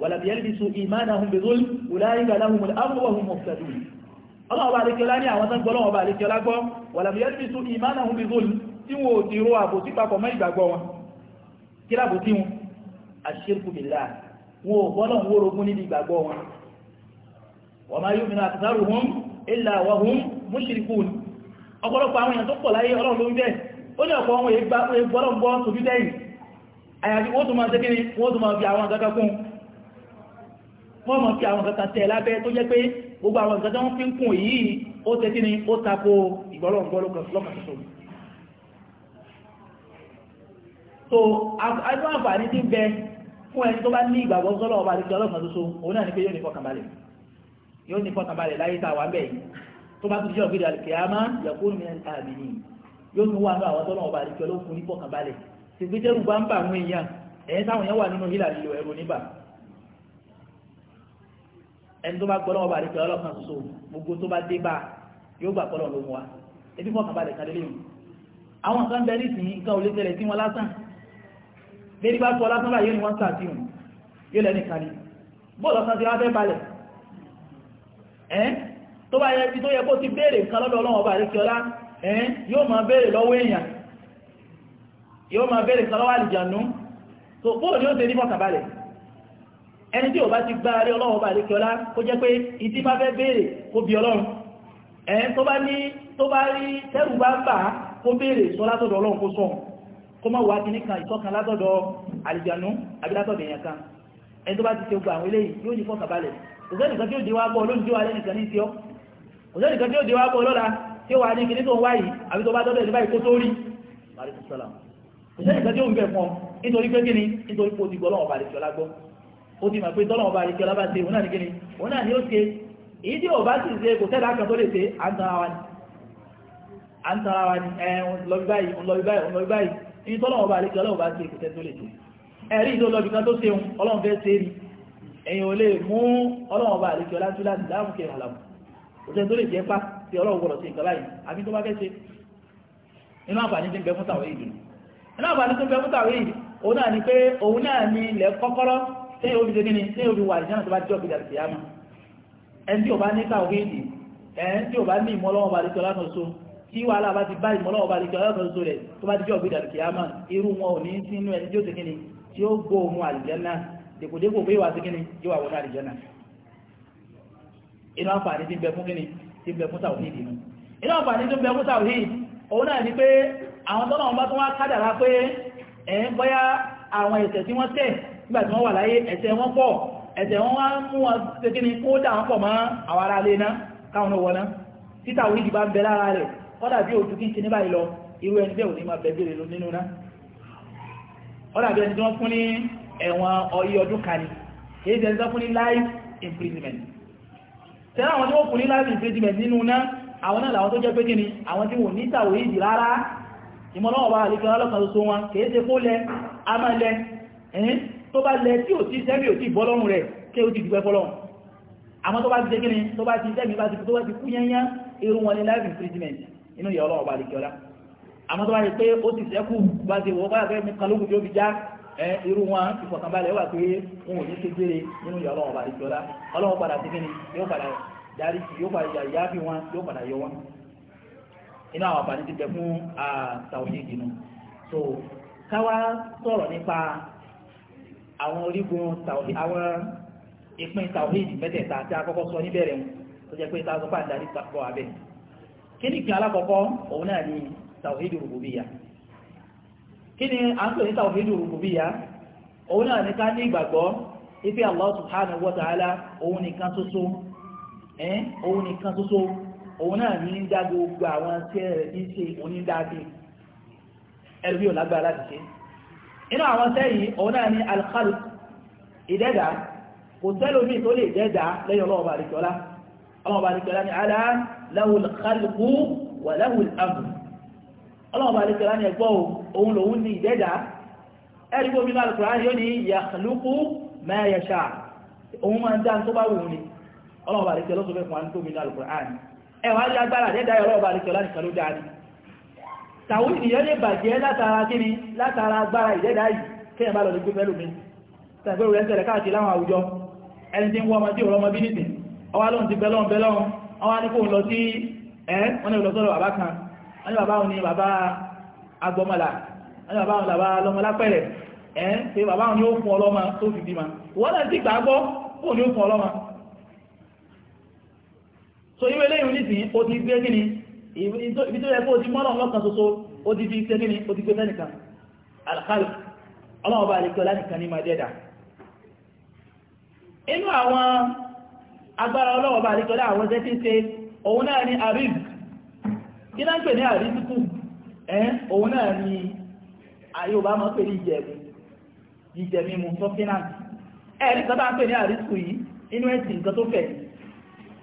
ولم يلبسوا إيمانهم بظلم أولئك لهم الأمر وهم مهتدون الله بارك لنا يا وطن قولوا بارك لكم ولم يلبسوا إيمانهم بظلم تيو تيرو أبو تيباكو ما يبقوا كلا أبو تيو الشرك بالله وقولوا ورغوني بيبقوا وما يؤمن أكثرهم إلا وهم مشركون أقول àwọn èèyàn tó pọ̀ láyé ọlọ́run ló ń bẹ́ẹ̀ ó ní ọ̀pọ̀ àwọn èèyàn gbọ́lọ́gbọ́ tó bí dẹ́yìn àyàfi wọ́n tó máa tẹ́kiri wọ́n mọ̀ sí àwọn kankan tẹ̀ lábẹ́ tó jẹ́ pé gbogbo àwọn nǹkan tó ń fi ń kùn yìí ó tẹ́ kí ni ó tako ìgbọ́lọ̀gbọ́lọ̀ so àìsàn àǹfààní ti ń bẹ fún ẹni tó bá ní ìgbàgbọ́ sọ́lọ̀ ọba àti ọlọ́kan ṣoṣo òun náà ni pé yóò ní fọkànbalẹ̀ yóò ní fọkànbalẹ̀ láyé tá a wà ń bẹ̀ yìí tó bá tún jẹ́ òbí ìdàlùkẹ́ á máa yẹ̀kú mi àmì ẹni tó bá gbọ́ lọ́wọ́ bá rí pé ọlọ́kan ṣoṣo gbogbo tó bá dé bá yóò gbà pọ́lọ̀ ló mú wa ebi fọ́kàn balẹ̀ kan lélẹ́yìn àwọn kan bẹ nísìnyí nǹkan ò lè tẹ̀lẹ̀ sí wọn lásán bẹ́ẹ̀ bá tó lásán báyìí ni wọ́n sà sí wọn yóò lẹ́nu kan ní bóòlù ọ̀sán ti wá fẹ́ balẹ̀ ẹ́ tó bá yẹ tó yẹ kó ti béèrè nǹkan lọ́dọ̀ ọlọ́wọ́ bá rí pé ọlá ẹ́ yóò máa béèrè lọ́wọ́ èèyàn yóò máa béèrè nǹkan lọ́wọ́ àlìjànú ẹni tí ò bá ti gbá rí ọlọ́run bá lè kí ọlá kó jẹ́ pé ìdí bá fẹ́ béèrè kó bí ọlọ́run ẹ̀yẹn tó bá ní tó bá rí tẹ́rù bá ń bà kó béèrè sọ látọ̀dọ̀ ọlọ́run kó sọ kó mọ́ wá kí nìkan ìtọ́kan látọ̀dọ̀ àlìjànú àbí látọ̀dọ̀ èèyàn kan ẹni tó bá ti ṣe gbà àwọn eléyìí yóò ní fọ́kàbalẹ̀ òṣèlìkan tí ó dé wá bọ́ lónìí tí ó wà ó ti mọ̀ pé tọ́lọ́wọ́ bá ìkẹ́ ọlábá ṣe òun náà ní kíni òun náà ni ó ṣe èyí tí ò bá sì ṣe kò tẹ́lá kan tó lè ṣe àǹtara wa ni ẹ̀hún lọ́bí báyìí òun lọ́bí báyìí òun lọ́bí báyìí ní tọ́lọ́wọ́ bá ìkẹ́ ọlọ́wọ́ bá ṣe kò tẹ́ tó lè ṣe ẹ̀rí ìlú lọ́bí kan tó ṣe pa tí ọlọ́wọ́ gbọ́dọ̀ ṣe nǹkan báyìí àbí tó bá fẹ́ ṣe inú àǹfààní tí ń bẹ fún ni pé tí yóò ni tí yóò fi wà ìjánà tó bá jọ́ ìgbà ìyá mọ́ ẹni tí ò bá ní káwéèdì ẹni tí ò bá ní ìmọ́lọ́wọ́ bá lè jọ lánàá so tí ti bá ìmọ́lọ́wọ́ bá lè jọ rẹ̀ tó bá ti jọ́ ìgbà ìyá irú wọn ò ní sínú ẹni tí ó ni tí ó gbó ohun àlìjánà dèkòdèkò pé ìwà segin ni yóò àwọn àlìjánà inú àǹfààní ti bẹ fún kíni ti bẹ fún tàwíìd inú inú àǹfààní tó bẹ fún tàwíìd òun náà ni pé àwọn wọn bá nígbà tí wọ́n wà láyé ẹ̀ṣẹ̀ wọn pọ̀ ẹ̀ṣẹ̀ wọn wá mú wọn tẹ́kí ni kó dà wọn pọ̀ mọ́ àwọn ará alẹ́ náà káwọn owó náà títà orí ìdìbà ń bẹ lára rẹ̀ ọ̀dà bí òtù kí n ṣe ní báyìí lọ irú ẹni bẹ́ẹ̀ ò ní máa bẹ̀ bèrè lọ nínú náà ọ̀dà bí ẹni tí wọ́n fún ní ẹ̀wọ̀n ọyí ọdún kan life imprisonment tẹ́lá àwọn tí wọ́n fún life imprisonment nínú náà àwọn náà làwọn tó jẹ́ pé kí ni àwọn tí wọ́n ní tàwọ̀ ìdì rárá ìmọ̀lọ́wọ̀ bá àlekẹ́ ọlọ́kan tó so wọn kèése kó lẹ amálẹ tó bá lẹ tí ò tí sẹ́mì ò tí bọ́lọ́run rẹ̀ kí ó ti dùgbẹ́ fọ́lọ́run àmọ́ tó bá ti jẹ́ kíni tó bá ti sẹ́mì bá ti tó bá ti kú yányán irú wọn ni life imprisonment inú ìyà ọlọ́run ọba àdìkẹ́ ọlá àmọ́ tó bá ti pé ó ti sẹ́kù bá ti wọ́ báyà fẹ́ mi kan lókùn tí ó fi já irú wọn ìfọ̀kànbalẹ̀ wà pé wọn ò ní ṣe gbére nínú ìyà ọlọ́run ọba àdìkẹ́ ọlá ọlọ́run padà sí kíni yóò padà darí yóò padà yá fi wọn yóò padà yọ wọn inú àwọn àbàdí ti tẹ fún àtàwọn ìdìnnà so káwá sọ̀rọ̀ nípa àwọn orígun tàwí àwọn ìpín tàwíìdì mẹ́tẹ̀ẹ̀ta tí a kọ́kọ́ sọ níbẹ̀rẹ̀ wọn tó jẹ́ pé táwọn sọpá ìdarí pọ̀ abẹ́ kí ni kí alákọ̀ọ́kọ́ òun náà ni tàwíìdì rùbùbíyà kí ni a ń pè ní tàwíìdì rùbùbíyà òun náà ni ká ní ìgbàgbọ́ ife Allah subhanahu wa ta'ala òun nìkan ṣoṣo òun nìkan ṣoṣo òun náà ní ń dá gbogbo àwọn tí ẹ̀rẹ̀ ń ṣe onídàájú ẹ̀rù bí ò inú àwọn sẹ́yìn òun náà ni alkhalq ìdẹ́dà kò sẹ́lómi tó lè dẹ́dà lẹ́yìn ọlọ́ọ̀bà àríkọ́lá ọlọ́ọ̀bà àríkọ́lá ni alá lahul khalqu wa lahul amr ọlọ́ọ̀bà àríkọ́lá ni ẹgbọ́ òun lòun ni ìdẹ́dà ẹ̀rí gbómi náà al ọlọ́ọ̀bà àríkọ́lá tó fẹ́ fún tàwọn ènìyàn lè bàjẹ́ látara kíni látara agbára ìdẹ́dà yìí kéèyàn bá lọ lè gbé fẹ́lú mi tàbí rẹ̀ ń tẹ̀lẹ̀ káàkiri láwọn àwùjọ ẹni tí ń wọ́n ọmọdé ọ̀rọ̀ ọmọbí nìtì ọwá lóhun ti bẹ́lọ́n bẹ́lọ́n ọwá ní kò lọ sí ẹ́ wọ́n ní lọ sọ́rọ̀ bàbá kan wọ́n ní bàbá òun ni bàbá agbọmọlà wọ́n ní so irú eléyìí nìsín ó ti ibi tó yẹ kó ti mọ́lọ̀ lọ́kan soso ó ti fi ṣe gíní ó ti gbé fẹ́nìkan alkhali ọlọ́ọ̀bá àríkọ́ lánìkan ní máa dẹ́dà inú àwọn agbára ọlọ́ọ̀bá àríkọ́ láwọn jẹ́ tí ń ṣe òun náà ni àríb kí náà ń pè ní àríbùkù ẹ́n òun náà ni àyíòbá máa pè ní ìjẹ̀mú ìjẹ̀mímu fọ́fínà ẹ̀ẹ́nì kan ń pè ní àríbùkù yìí inú ẹ̀sìn nǹkan tó fẹ̀yìn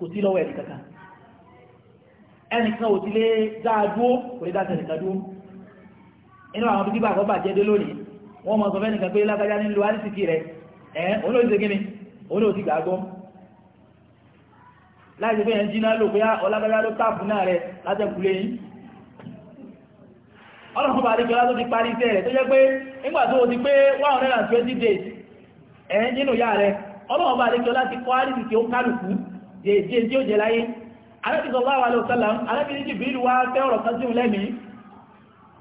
kò sí lọ́wọ́ ẹ̀nìkankan ẹnìkan ò ti lè dáadúó kò lè dáadúó ẹnìkan dúó inú àwọn bíbá àkọ́ bàjẹ́ dé lónìí wọ́n mọ̀ sọ fẹ́nìkan pé lágbájá nílò àrísìkí rẹ̀ ẹ̀ olóòtú gíní láti pé ẹn jíná lò pé ah, ọlágbájá ló tààbù náà rẹ̀ látẹ̀kùlé ọlọ́run bá rígbẹ́ látó ti parí iṣẹ́ rẹ̀ ti kọ́ àrísìkí ó kálùkù jẹ́ tí ó jẹ láyé alẹ́bìsọ̀lá wà lọ sọ́lá alẹ́bìsí jìbìrì wá fẹ́ ọ̀rọ̀ kan síun lẹ́mí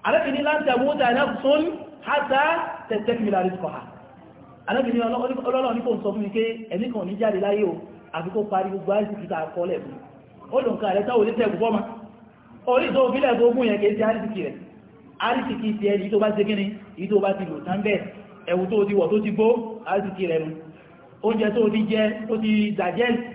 alẹ́bìsí láti àmúta náà sún hátà tẹ̀tẹ̀kìmìlà rí kọ̀ha alẹ́bìsí ọlọ́rọ̀ ní kò sọ fún mi pé ẹ̀mí kan ní jáde láyé o àfi kó parí gbogbo àìsìkì tá a kọ́ lẹ̀ fún ó lò nǹkan rẹ̀ táwọn olè tẹ̀ gbọ́ ma orí tó fi lẹ́ẹ̀kọ́ ogún yẹn kìí ti àìsìkì rẹ̀ àìsìkì ti ẹni tó bá ti kíni èyí tó bá ti lò tán bẹ́ẹ̀ ẹ̀wù tó ti wọ̀ tó ti gbó àìsìkì rẹ̀ nu oúnjẹ tó ti jẹ tó ti dàjẹ́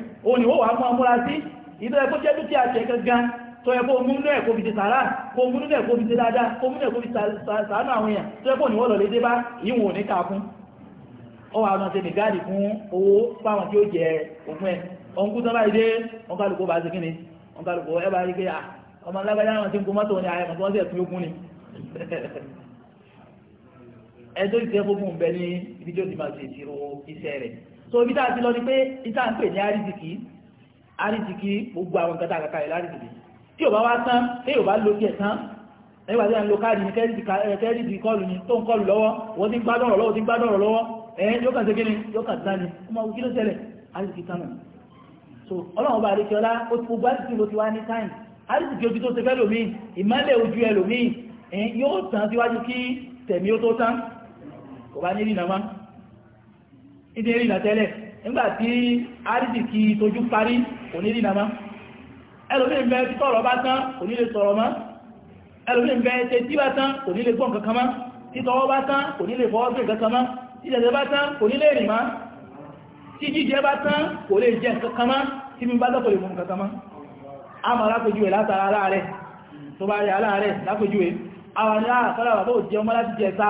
o ni ó wà mọ́ múra sí ìlú ẹ̀kọ́ jẹ́ dúkìá jẹ́ gangan tó ẹ̀kọ́ múnú ẹ̀kọ́ fi ti sàárà kó múnú ẹ̀kọ́ fi ti dáadáa kó múnú ẹ̀kọ́ fi sàánú àwọn èèyàn tó ẹ̀kọ́ ni wọ́n lọ lé dé bá ìwọ̀n ní kàkún ó wà mọ́ sí ní gáàdì fún owó fáwọn tí ó jẹ ògùn ẹ̀ ọ̀nkú tán bá ilé ọ̀nkálùkù bá sí kí ni ọ̀nkálùkù ẹ bá rí pé ọmọ alágbájá náà ti ń kó mọ́tò ní àyẹ̀mọ̀ tí wọ́n so ibi tá a ti lọ ni pé ìta ń pè ní àrídìkì àrídìkì gbogbo àwọn nǹkan tá a kàkà rẹ̀ lárídìkì tí ò bá wá tán tí ò bá lo kí ẹ̀ tán nígbà tí a ń lo káàdì ní kẹ́rìdì kọlù ni tó ń kọlù lọ́wọ́ wọ́n ti ń gbádọ̀rọ̀ lọ́wọ́ ti ń gbádọ̀rọ̀ lọ́wọ́ ẹ̀yẹn yóò kàn sí kí ni yóò kàn dání ó máa wù kí ló ṣẹlẹ̀ àrídìkì tánà so ọlọ́run bá àríkẹ́ ọlá ó ti gbogbo àrídìkì ló ti wá ní táìmù àrídìkì ojú tó ṣe fẹ́ lòmíì ìmọ́lẹ̀ ojú ẹlòmíì yóò tàn síwájú kí tẹ̀mí ó tó tán kò bá ní rí ìdí rí ìlàtẹ́lẹ̀ nígbàtí àrídìkì tójú parí kò ní rí nàmá ẹlòmín bẹ tí tọ́rọ bá tán kò ní lè sọ̀rọ̀ má ẹlòmín bẹ tẹ tí bá tán kò ní lè gbọ́n kankan má títọwọ́ bá tán kò ní lè fọwọ́ sí kankan má títẹ̀tẹ̀ bá tán kò ní lè rìn má tí jíjẹ bá tán kò lè jẹ kankan má tí mi bá tán kò lè mú máa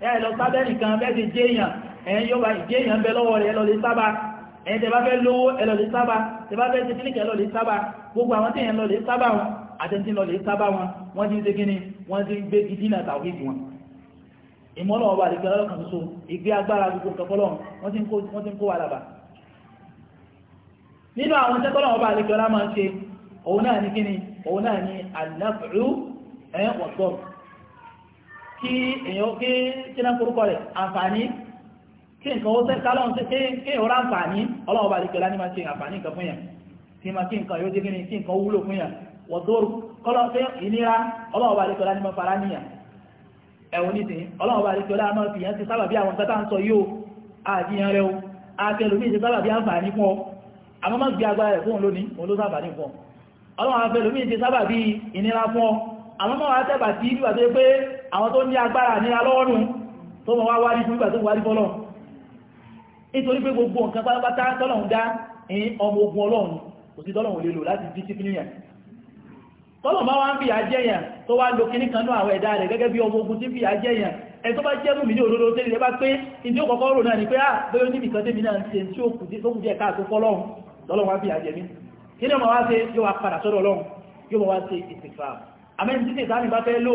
ẹ lọ sábẹ́ nìkan bẹ́ẹ̀ ti jẹ́ èèyàn ẹ̀yìn yóò bá ìjẹ́ èèyàn bẹ lọ́wọ́ rẹ̀ ẹ lọ lè sábà ẹ̀yìn tẹ́bá fẹ́ lówó ẹ lọ lè sábà tẹ́bá fẹ́ ti kílìkẹ́ lọ lè sábà gbogbo àwọn tí èèyàn lọ lè sábà wọn àtẹ́ntí lọ lè sábà wọn wọ́n ti ń ṣe kíni wọ́n ti ń gbé ìdínà tàwíìdì wọn ìmọ́nà ọba àti kí èyàn kí kí náà kórúkọ rẹ̀ àǹfààní kí nǹkan ó tẹ́ kálọ́n tí kí ó rá àǹfààní ọlọ́ọ̀bá àdìkẹ́lá ní máa ṣe àǹfààní nǹkan fún yàn kí máa kí nǹkan yóò dé kí ni kí nǹkan wúlò fún yàn wọ̀dọ́rù kọ́lọ́ pé ìnira ọlọ́ọ̀bá àdìkẹ́lá ní máa fara níyàn ẹ̀wọ̀n ní tìyìn ọlọ́ọ̀bá àdìkẹ́lá máa fi yàn ti sábà bí àwọn tátà ń sọ yóò àdìyàn rẹ̀ o akẹlùmí ti sábà bí àǹfààní fún ọ àmọ́ má gbé agbára rẹ̀ fún lónìí òun ló sábà ní fún ọ ọlọ́run afẹlùmí ti sábà bí ìnira fún ọ àmọ́ má wà tẹ́bà tí àwọn tó ní agbára ní alọ́ọ̀nù tó mọ̀ wá wárí fún ìgbà tó wárí fọ́lọ̀ nítorí pé gbogbo nǹkan pátápátá tọ́lọ̀un dá ní ọmọ ogun ọlọ́run kò sí tọ́lọ̀un lè lò láti discipline yàn tọ́lọ̀ máa wá ń fìyà jẹ́yàn tó wá lo kíní kan náà àwọn ẹ̀dá rẹ̀ gẹ́gẹ́ bí ọmọ ogun tí ń fìyà jẹ́yàn ẹ̀ tó bá jẹ́ mú mi ní òdodo tẹ́lẹ̀ bá pé ní ó kọ́kọ́ rò náà ni pé á ah, bóyá níbi kan tẹ́mi náà ń ṣe tí ó kù díẹ̀ káàkó fọ́lọ́run tọ́lọ̀ wá fìyà jẹ mí kí ni ọmọ wá ṣe yóò wá padà sọ́dọ̀ ọlọ́run yóò wá ṣe ìsìnkà àmẹ́ni títí ìsáàmì bá fẹ́ lò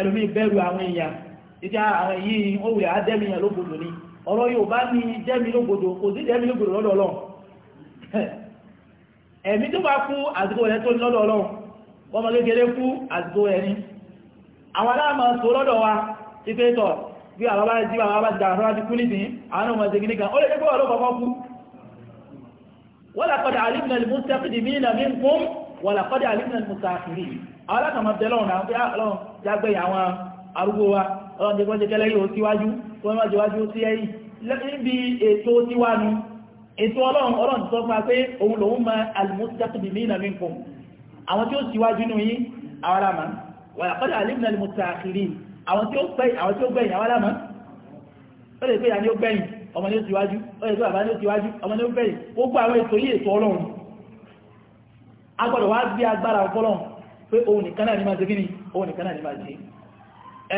ẹlòmí bẹ̀rù àwọn èèyàn ìdí àwọn yìí ó wùlẹ̀ àdẹ́mìyàn lóbodò ni ọ̀rọ̀ yóò bá ní jẹ́mi lóbodò kò sí jẹ́mi lóbodò lọ́dọ̀ ẹ̀mí tó bá kú àsìkò rẹ̀ tó ní lọ́dọ̀ Ọlọ́run ọmọ kékeré kú àsìkò rẹ̀ ni wọ́n làkọ́dà àlìmìnà lè mú àwọn alákàmọ́ tẹ́lọ́run náà pé ah, ọlọ́run jágbẹ́ àwọn arúgbó wa ọlọ́run jẹ́ kọ́jẹ́ kẹ́lẹ́ yóò síwájú kí wọ́n má jẹ́ wájú sí ẹ̀yìn níbi ètò tiwánu ètò ọlọ́run ọlọ́run sọ fún wa pé òun lòun ma al-mustaqdimina minkum àwọn tí ó síwájú nù yín àwọn alámà wà laqad alimna al-muta'akhirin àwọn tí ó gbẹ̀yìn àwọn alámà ó lè pé ìyá ni ó gbẹ̀yìn ọmọ ni ó síwájú ó lè pé bàbá ni ó síwájú ọmọ ni ó gbẹ̀yìn gbogbo àwọn ètò yìí ètò ọlọ́run agbọ́dọ̀ wá gbé agbára ọpọlọ́run pé òun nìkan náà ní máa ṣe gíní òun nìkan náà ní máa ṣe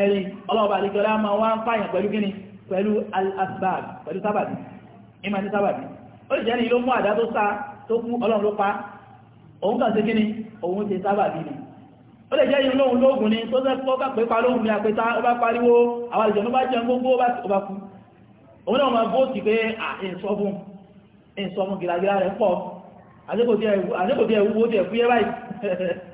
ẹ̀rí ọlọ́ọ̀bà àdíkọ́lá máa wá ń pààyàn pẹ̀lú gíní pẹ̀lú al-asbab pẹ̀lú sábàbí òun náà máa bóòtì pé à ìsọfún ìsọfún gìlagìla rẹ̀ pọ̀ àdékòtí ẹ̀wúwo tẹ̀ fúyẹ́ báyìí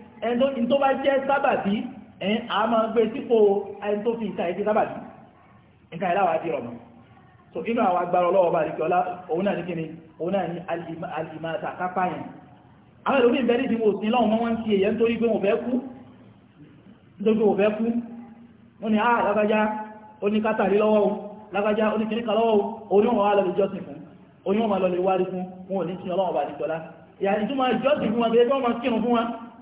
ẹni tó bá jẹ́ sábàbí ẹn a máa gbé sípò ẹni tó fi ìka ẹ̀jẹ̀ sábàbí nǹkan ẹ̀ láwàá di so inú àwọn agbára ọlọ́wọ́ bá rí kíọ́lá òun náà ní kíni òun náà ní alìmọ̀ta kápá yẹn àwọn ìlú bíi bẹ́ẹ̀ ní ìwò sí lọ́wọ́ wọn ti èyẹ nítorí pé wọ́n fẹ́ kú wọ́n ah, ni àà lágbájá oníkátàrí lọ́wọ́ lágbájá oníkìníkà lọ́wọ́ oníwọ̀n wà lọ́lẹ̀ jọ́sìn fún oníwọ̀n wà lọ́lẹ̀ wárí fún wọn ò ní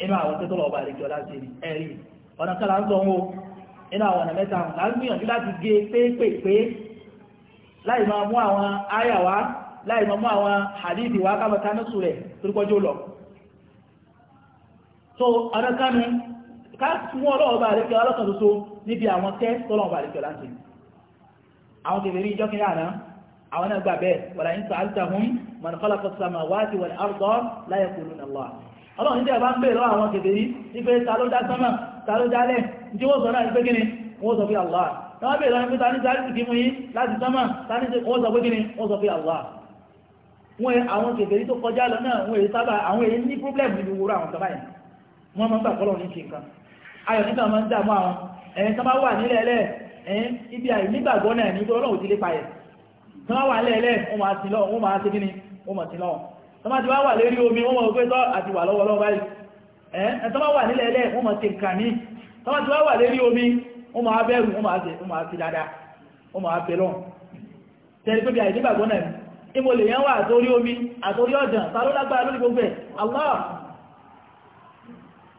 inú àwọn tẹ́tọ́ lọ́wọ́ àríkẹ́ ọlá ṣe ẹ̀rí ọ̀nà kan láń sọ́wọ́ inú àwọn ọ̀nà mẹ́ta là ń gbìyànjú láti gé pépèpé láì máa mú àwọn àyà wá láì máa mú àwọn hadith wá kábọ̀ rẹ̀ torípọ́jú lọ so ọ̀nà kan ká mú ọlọ́wọ́ àríkẹ́ ọlọ́kan tó níbi àwọn tẹ́tọ́ lọ́wọ́ àríkẹ́ ọlá ṣe àwọn tèlè rí ìjọ́ kí àwọn náà gbà bẹ́ẹ̀ wàlàyé sàáltàhùn mọ̀nàkọ́lá fọ́sàmà wáàtí wal arda la yaquluna ọlọ́run ní tẹ́ẹ̀bá ń bèèrè lọ́wọ́ àwọn kèfèrí ní pé ta ló dá sánmà ta ló dálẹ̀ tí wọ́n sọ náà pé kíni wọ́n sọ pé Allah tọ́wọ́ bèèrè lọ́wọ́ ta ní sáàrì kí mú yí láti sánmà ta ní wọ́n sọ pé kíni wọ́n sọ pé Allah wọ́n àwọn kèfèrí problem nínú wúrọ àwọn sábà yìí wọ́n máa ń gbà kọ́lọ̀ ní ṣe nǹkan ayọ̀ nígbà máa ń dààmú àwọn ẹ̀yìn tó bá wà nílẹ̀ ẹlẹ́ ẹ̀yìn ibi àìnígbàgbọ́ náà ní tó ọlọ́run ti lé payẹ̀ tó bá wà nílẹ̀ tọ́má ti wá wà lérí omi wọ́n mọ̀ pé tọ́ àti wà lọ́wọ́lọ́wọ́ báyìí ẹ̀ tọ́má wà nílẹ̀ ẹlẹ́ wọ́n mọ̀ ti kà ní tọ́má ti wá wà lérí omi wọ́n mọ̀ abẹ́rù wọ́n mọ̀ àti dáadáa wọ́n mọ̀ abẹ́lọ́n tẹ́lí pé bí àìdí gbàgbọ́ náà ìmò lè yán wà àtórí omi àtórí ọ̀dàn tàbí lágbàá lórí gbogbo ẹ̀ Allah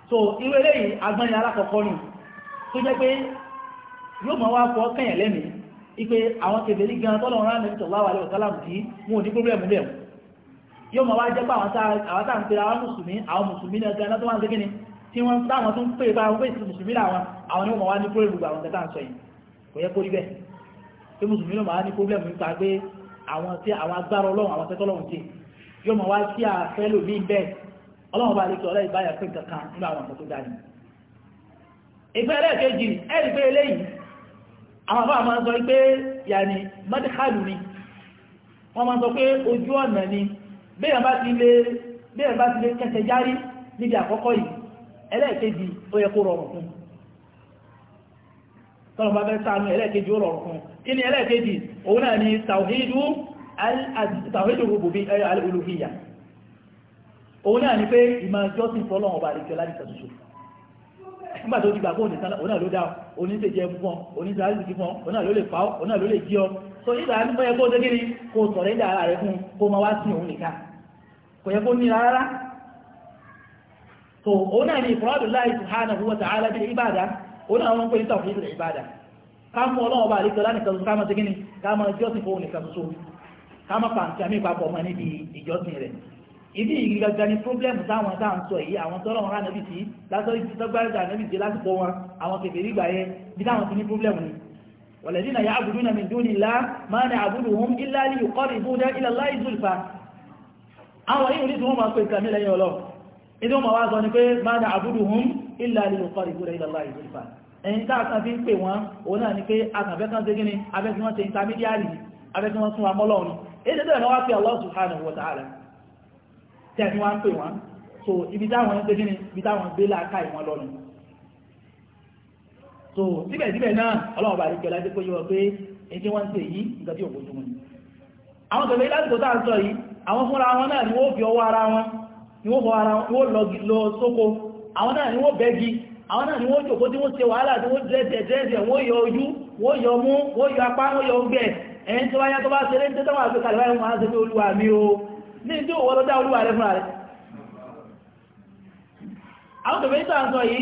so irú eléyìí agbọ́nrin alákọ̀ọ́kọ́ nù tó jẹ́ pé yóò mọ̀ wá fọ́ kẹ́yẹ̀ lẹ́mìí ipé àwọn kèbèrí gan tọ́lọ̀ rán nẹ́bí tọ̀láwà lẹ́wọ̀ sálàmù tí wọn ò ní pírọ́blẹ̀mù lẹ́wọ̀ yóò mọ̀ wá jẹ́ pé àwọn tá à ń pèrè àwọn mùsùlùmí àwọn mùsùlùmí náà gan lọ́tọ́ wá ń ṣe kíni tí wọ́n táwọn tó ń pè bá wọn pé ìsìn mùsùlùmí làwọn àwọn yóò mọ̀ wá ní pírẹ́lù gbà wọn tẹ́tà ń sọ yìí kò yẹ kó rí bẹ́ẹ̀ pé mùsùlùmí náà máa ní pírẹ́lù nípa pé wọ́n máa sọ pé ojú ọ̀nà ni bẹ́ẹ̀ bá ti lé bẹ́ẹ̀ bá ti lé kẹsẹ̀ járí níbi àkọ́kọ́ yìí ẹlẹ́ẹ̀kejì ó yẹ kó rọrùn fún tọ́lọ̀bá bẹ́ sáànú ẹlẹ́ẹ̀kejì ó rọrùn fún kí ni ẹlẹ́ẹ̀kejì òun náà ni tàwídù rububi òun náà ni pé ìmọ̀ so ìgbà ní bọ́yẹ kó dégé ní kó sọ̀rọ̀ ìdá ara rẹ̀ fún kó ma wá sí òun nìkan kò yẹ kó ní rárá so òun náà ni ìfọ́rọ̀dù láì subhanahu wa ta'ala bil ìbádà òun náà wọ́n pè ní tàwọn ìdílé ìbádà ká mú ọlọ́wọ́ bá àríkọ́ láti kẹsùn ká máa dégé ní ká máa fún òun nìkan so pàǹtí àmì ìpapọ̀ والذين يعبدون من دون الله ما نعبدهم إلا ليقربونا إلى الله زلفى àwọn yìí ní tí wọ́n máa pè ìkàmí lẹ́yìn ọlọ́ inú ma wá sọ ní pé ma na'buduhum illa liyuqarribuna ila Allahi zulfa ẹni tààkà fi ń pè wọ́n òun náà ni pé akàfẹ́kàn sí gíní abẹ́sí wọ́n ti intermediary abẹ́sí wọ́n tún amọ́lọ́run èdè tẹ́lẹ̀ wá fi Allah subhanahu wa ta'ala tẹ́ẹ̀ tí wọ́n pè wọ́n so ibi táwọn ń gbé gíní ibi táwọn gbé láàká ìwọ̀n lọ́rùn so síbẹ̀síbẹ̀ náà ọlọ́run bá àríkẹ́ láti kóyọ pé ẹjẹ́ wọ́n ń ṣe yìí nǹkan tí ò bójú wọn àwọn tẹ̀lé lásìkò tá à ń sọ yìí àwọn fúnra wọn náà ni wọ́n fi ọwọ́ ara wọn ni wọ́n fọ ara wọn ni wọ́n lọ sóko àwọn náà ni wọ́n bẹ́gi àwọn náà ni wọ́n jòkó tí wọ́n ṣe wàhálà tí wọ́n dẹ́ẹ̀dẹ̀ dẹ́ẹ̀dẹ̀ wọ́n yọ ojú wọ́n yọ mú wọ́n yọ apá wọ́n yọ ọgbẹ̀ ẹ̀yìn tó wáyá tó bá ṣe léńtẹ́ tọ́wà àgbẹ̀ kàlẹ̀ wáyé wọ́n á ṣe pé olúwa mi o ní tí òwọ́ lọ dá olúwa rẹ̀ fúnra rẹ̀ àwọn tòbí ìtàn sọ yìí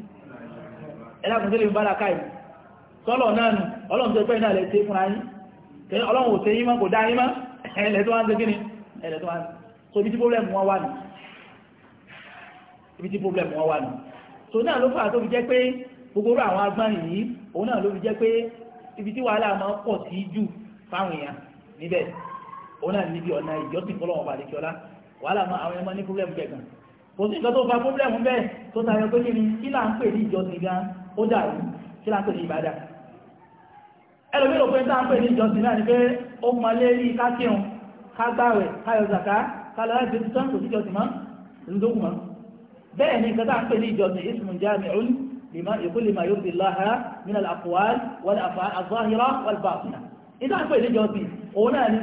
ẹlẹ́kùn sílẹ̀ ìbára káì sọ́lọ̀ náà nù ọlọ́run tó pẹ́ náà lè ṣe fúnra yín ọlọ́run ò ṣe yín mọ́ kò dá yín mọ́ ẹ̀lẹ́ tó wá ń ṣe kíni ẹ̀lẹ́ tó wá ń so ibi tí problem wọn wà nù ibi tí problem wọn wà nù so náà ló fà tó fi jẹ́ pé gbogbo àwọn agbáni yìí òun náà ló fi jẹ́ pé ibi tí wàhálà máa pọ̀ sí jù fáwọn èèyàn níbẹ̀ òun náà níbi ọ̀nà ìjọsìn fọlọ́wọ́n bàdé kíọ́lá wàhálà máa àwọn ẹmọ ní problem gẹ̀gàn kò sí nǹkan tó fa problem bẹ́ẹ̀ tó tayọ ó dàrú kí láńpẹ̀ ní ìbádà ẹlòmíràn pé táńpẹ̀ ní ìjọsìn náà ni pé ó mọ lérí kákírun kágbáwẹ̀ káyọ zàká kálọ láti fi tán kò sí ìjọsìn mọ́ ìdókùn mọ́ bẹ́ẹ̀ ni nǹkan táńpẹ̀ ní ìjọsìn ismun jami'un lima ìkúlè ma yóò fi láha nínú àkùwàl wal àfáhìrá wal bàtìnà ìtàǹpẹ̀ ní ìjọsìn òun náà ni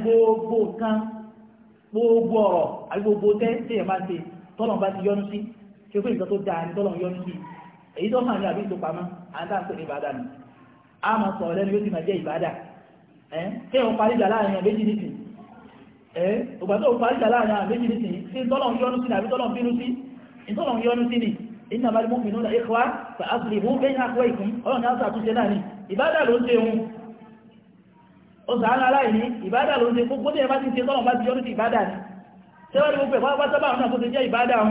tọ́lọ̀ bá ti yọnu sí ṣe fún ìjọ tó dáa ní tọ́lọ̀ yọnu sí èyí tó hàn ní àbí tó pamọ́ àtàkùn ní ìbádà ni a máa sọ̀rọ̀ lẹ́nu yóò ti máa jẹ́ ìbádà ẹ́ kí wọ́n parí ìjà láàrin àwọn méjì nìsín ẹ́ ògbà tó parí ìjà láàrin àwọn méjì nìsín sí tọ́lọ̀ ń yọnu sí àbí tọ́lọ̀ ń bínú sí ni a sàtúnṣe náà ni ìbádà ló ṣe ohun ó sàánà aláìní ìbádà ló ṣe gbogbo tí ẹ ti ṣe tọ́lọ̀ bá ti yọ́nù sí ìbádà ni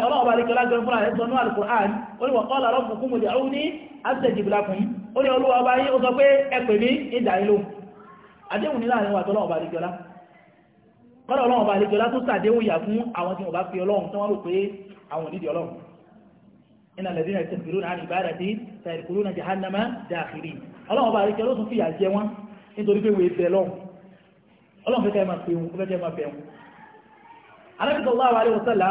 ọlọ́wọ́ bá lékẹ́ lágbẹ̀rún fún àrẹ́sọ ní alìkùrán olúwọ̀ qala rabbukum ud'uni astajib lakum ó ní olúwa bá yí ó sọ pé ẹ̀pẹ̀ ní ìdá ilò àdéhùn ní láàrin wà tọ́lọ́wọ́ bá lékẹ́ lá kọ́lọ̀ ọlọ́wọ́ bá lékẹ́ lá tó sàdéhùn yà fún àwọn tí wọ́n bá fi ọlọ́run tí wọ́n rò pé àwọn onídìí ọlọ́run inna alladhina yastakbiruna an ibadati sayadkhuluna jahannama dakhirin ọlọ́wọ́ bá lékẹ́ ló tún fìyà jẹ wọn nítorí pé wèé bẹ̀ lọ́run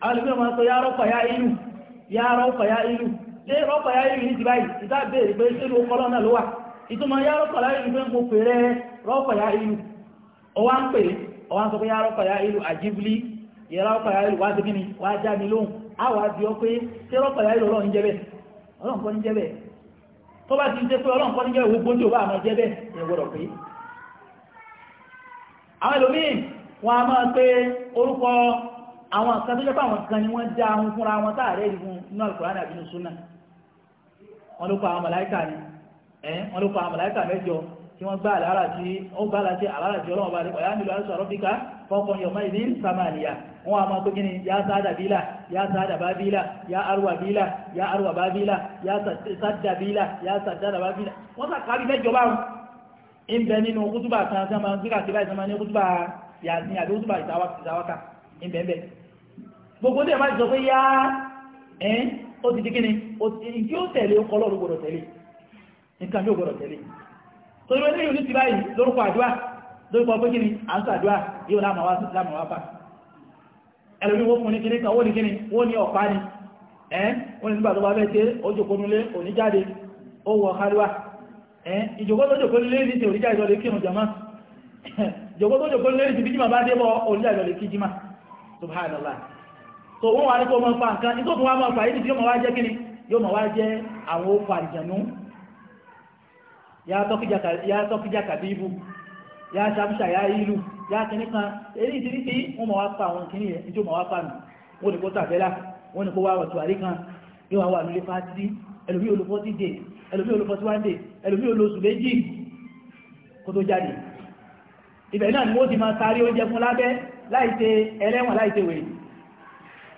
alùmíọ̀ máa sọ yá rọ́pà yá ìlú yá rọ́pà yá ìlú ṣe rọ́pà yá ìlú ní ti báyìí ìta béèrè pé ṣe ló kọ́lọ́ náà ló wà ìtumọ̀ yá rọ́pà yá ìlú pé mo pèrè rọ́pà yá ìlú ọwá ń pè ọwá ń sọ pé yá rọ́pà yá ìlú àjíbílí yẹ rọ́pà yá ìlú wá sí kíni wá já mi lóhùn á ọ pé rọ́pà yá ọlọ́run ọlọ́run kọ́ ní tó bá ti àwọn kan tó jẹ́ pé àwọn kan ni wọ́n dá ahun fúnra wọn táàrẹ́ ìdí fún inú Al-Qur'an àbínú súnà wọn ló pa àwọn màláíkà ni ẹ̀ wọn ló pa àwọn màláíkà mẹ́jọ tí wọ́n gbá àlàárà tí ó gbá àlàáṣẹ́ àlàáràṣẹ́ ọlọ́wọ́ bá nípa yáàmìlú aṣọ àrọ́fíkà fọ́kàn yọmọ ìdí samaniya wọ́n a máa tó gíní ya sáàdà bílà ya sáàdà bá bílà ya arwa bílà ya arwa bá bílà ya sáàdà bílà ya sáàdà bá bílà wọ́n sàkárí mẹ́jọ bá wọn ń bẹ nínú kútùbà kan tí wọ́n máa ń gbé kàkiri máa ní kútùbà yàtí àbí kútùbà ìtawáka ń bẹ ń bẹ gbogbo tí ẹ bá jọ pé yá ẹ́ ó ti di kíni ìdí ó tẹ̀lé ó kọ́ lọ́rùn gbọ́dọ̀ tẹ̀lé nǹkan yóò gbọ́dọ̀ tẹ̀lé tó ìwé ní ìlú ti báyìí lórúkọ àdúrà lórúkọ pé kíni à ń sọ àdúrà yóò lámàwá lámàwá bá ẹlòmí wọ́n fún ní kíní kan wọ́n ní kíní wọ́n ní ọ̀pá ni ẹ́ wọ́n ní nígbà tó bá fẹ́ tẹ́ ojókónúlé oníjáde ó wọ kálíwá ẹ́ ìjòkótójókónúlé ní ti oníjáde lọ́lẹ̀ kírùn jama ìjòkótójókónúlé ní ti bí jíma bá débọ̀ oníjáde lọ́lẹ̀ kí jíma subhanallah so wọ́n wà ní kó mọ́ fa nǹkan ní tó tún wá mọ́ fa ìdí tí yóò mọ̀ wá jẹ́ kíni yóò mọ̀ wá jẹ́ àwọn okò àlìjànú ya tọ́kíjà kàbí ibu ya ṣàmṣà ya ìlú ya kìíní kan èyí ìdílé tí wọ́n mọ̀ wá fa àwọn kìíní yẹn tí ó mọ̀ wá fa nù wọ́n ní kó tàbẹ́lá wọ́n ní kó wá wọ̀tù àrí kan yóò wà nílé fásitì ẹlòmí olùfọ́ ti dè ẹlòmí olùfọ́ ti wá dè ẹlòmí olóṣù méjì kó tó jáde ibẹ̀ náà ni wọ́n ti máa sáré oúnjẹ fún lábẹ́ láìṣe ẹlẹ́wọ̀n láìṣe wèyí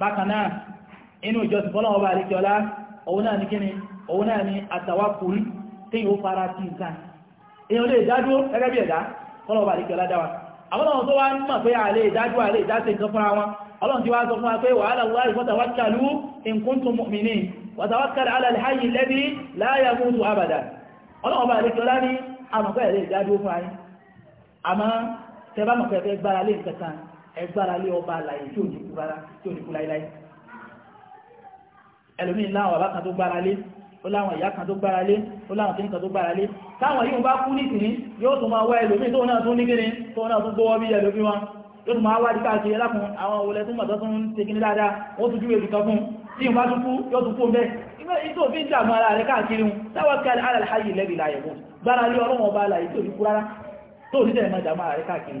bákan náà inú ìjọsìn fọ́lọ́wọ́ bá rí kíọlá òun náà ní kíni òun náà ní àtàwákùl tí yóò fara sí nǹkan èyàn lè dájú gẹ́gẹ́ bí ẹ̀dá fọ́lọ́wọ́ bá rí kíọlá dáwà àwọn ọ̀nà tó wá ń mọ̀ pé àlè ìdájú àlè ìdáṣe nǹkan fúnra wọn ọlọ́run ti wá sọ fún wa pé wàhálà wá ìfọ́tàwákàlú in kuntum mu'minin wàtàwákàlá ala al-hayy alladhi la yamutu abada ọlọ́run ẹgbára lé ọba àlàyé tí ò ní kú rárá tí ò ní kú láíláí ẹlòmíì láwọn bàbá kan tó gbára lé ó láwọn ìyá kan tó gbára lé ó láwọn kìnnì kan tó gbára lé táwọn yìí bá kú nìsìn yóò tún máa wá ẹlòmíì tó náà tún ní kíni tó náà tún gbówọ́ bí ẹlòmíì wọn yóò tún máa wá dípá àti ẹlákùn àwọn òwúlẹ̀ tó mọ̀tọ́ tún ṣe kíní dáadáa ó tún júwèé nìkan fún tí ìwọ́n bá tún kú yóò tún kú ń bẹ́ ìtò fi ń dààmú ara rẹ̀ káàkiri wọn táwọn kí alàlàyé lẹ́bi láyẹ̀wò gbára lé ọlọ́wọ́n ọba àlàyé tó ní kú rárá tó ní tẹ̀lé mọ́ ìdààmú ara rẹ̀ káàkiri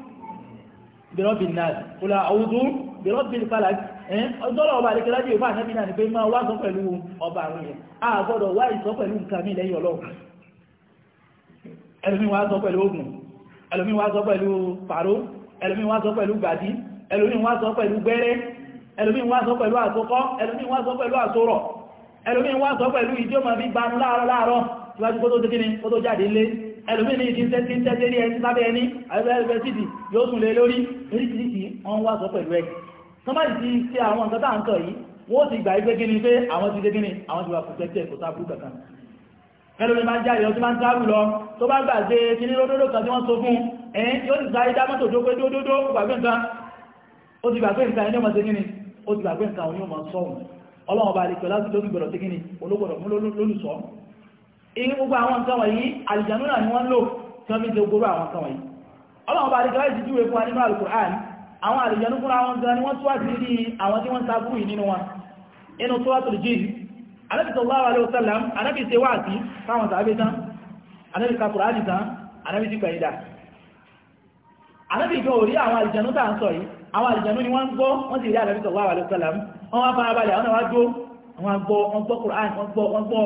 bẹ̀rọ̀bì náà kúlà àwùjọ bẹ̀rọ̀bì falak ọjọ́lọ̀ ọba àdékẹ́lá jẹ́ ìfà àṣẹ́bí náà ni pé máa wá sọ pẹ̀lú ọba àwọn yẹn a gbọ́dọ̀ wá ìsọ pẹ̀lú nǹkan mi lẹ́yìn ọlọ́run ẹlòmí wá sọ pẹ̀lú ogun ẹlòmí wá sọ pẹ̀lú pàró ẹlòmí wá sọ pẹ̀lú gbàdí ẹlòmí wá sọ pẹ̀lú gbẹ́rẹ́ ẹlòmí wá sọ pẹ̀lú àsokọ́ ẹlòmí wá sọ pẹ̀lú àsorọ̀ ẹlòmí wá sọ pẹ̀lú ìdí ó máa fi gbanú láàárọ̀ láàárọ̀ tíwájú kó tó jáde lé ẹlòmí ní ìdí tẹ́tí tẹ́tí rí ẹni lábẹ́ ẹni àìbẹ̀ẹ́sìtì yóò tún lè lórí oríṣìíríṣìí wọ́n wá sọ pẹ̀lú ẹ̀ sọmájì ti ṣe àwọn nǹkan táà ń sọ yìí wọ́n ti gbà ẹgbẹ́ gíní pé àwọn ti dé gíní àwọn ti wà kò tẹ́tí ẹ̀kọ́ sáà burúkà kan ẹlòmí máa ń jáde ọtí máa ń sáàrù lọ tó bá gbà dé kíní lódódó kan tí wọ́n so fún ẹ̀yìn yóò ti sáré dá mọ́tò tó pé dódódó gbàgbé nǹkan ó ti gbàgbé nǹkan ẹni ọmọ ṣe gíní ó ti gbàgbé nǹkan òun yóò mọ sọ́ọ̀hún ọlọ́run ọba àlejò lásìkò lórí gbọ̀dọ̀ ṣe gíní ológbọ̀dọ̀ mú lólùsọ́ọ̀hún ìní gbogbo àwọn nǹkan wọ̀nyí àlìjànú náà ni wọ́n lò tí wọ́n fi ṣe gbogbo àwọn nǹkan wọ̀nyí ọlọ́run bá àríkà láti júwe fún wa nínú Al-Qur'an àwọn àlìjànú fúnra wọn gan ni wọ́n tó wà sí rí àwọn tí wọ́n sábúrú yìí nínú wọn inú tó wàtò jíìlì anábì sallallahu alaihi wasallam anábì ṣe wáàsí fáwọn sàábé tán anábì ka Qur'ani tán anábì ti gbẹ̀yìn dà anábì gan ò rí àwọn àlìjànú tà ń sọ yìí àwọn àlìjànú ni wọ́n gbọ́ wọ́n sì rí anábì sallallahu alaihi wọ́n wá farabalẹ̀ wọ́n gbọ́ wọ́n gbọ́ wọ́n gbọ́ wọ́n gbọ́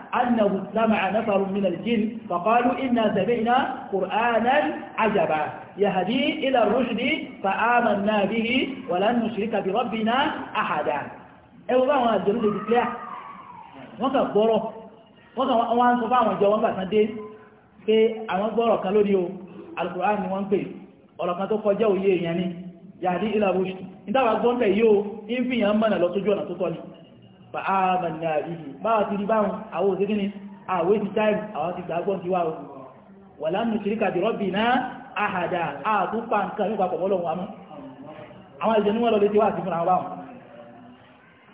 أنه سمع نفر من الجن فقالوا إنا سمعنا قرآنا عجبا يهدي إلى الرشد فآمنا به ولن نشرك بربنا أحدا ẹwọ bá àwọn àjẹ́lú lè dìklẹ́ wọ́n kà gbọ́rọ̀ wọ́n kà wọ́n sọ fáwọn ìjọ wọn bàtán dé pé àwọn gbọ́rọ̀ kan lórí o Al-Qur'an ni wọ́n pè ọ̀rọ̀kan tó kọjá òye èèyàn ni yahdi ila rushd ìdáwà gbọ́ntẹ̀ yóò ń fi yàn mọ́nà lọ sójú ọ̀nà tó tọ́ ni bá a mọ̀ ní àríyí báwọn ti rí báwọn àwọn òṣèré ní àwé ti táìmù àwọn ti gbàgbọ́n ti wá o wà láàmù ṣìríkà bí rọ́bì náà àhàdà àtúpà nǹkan nípa pọ̀ mọ́lọ̀ wọn àwọn ìjẹni wọn lọ lè ti wá sí fún àwọn báwọn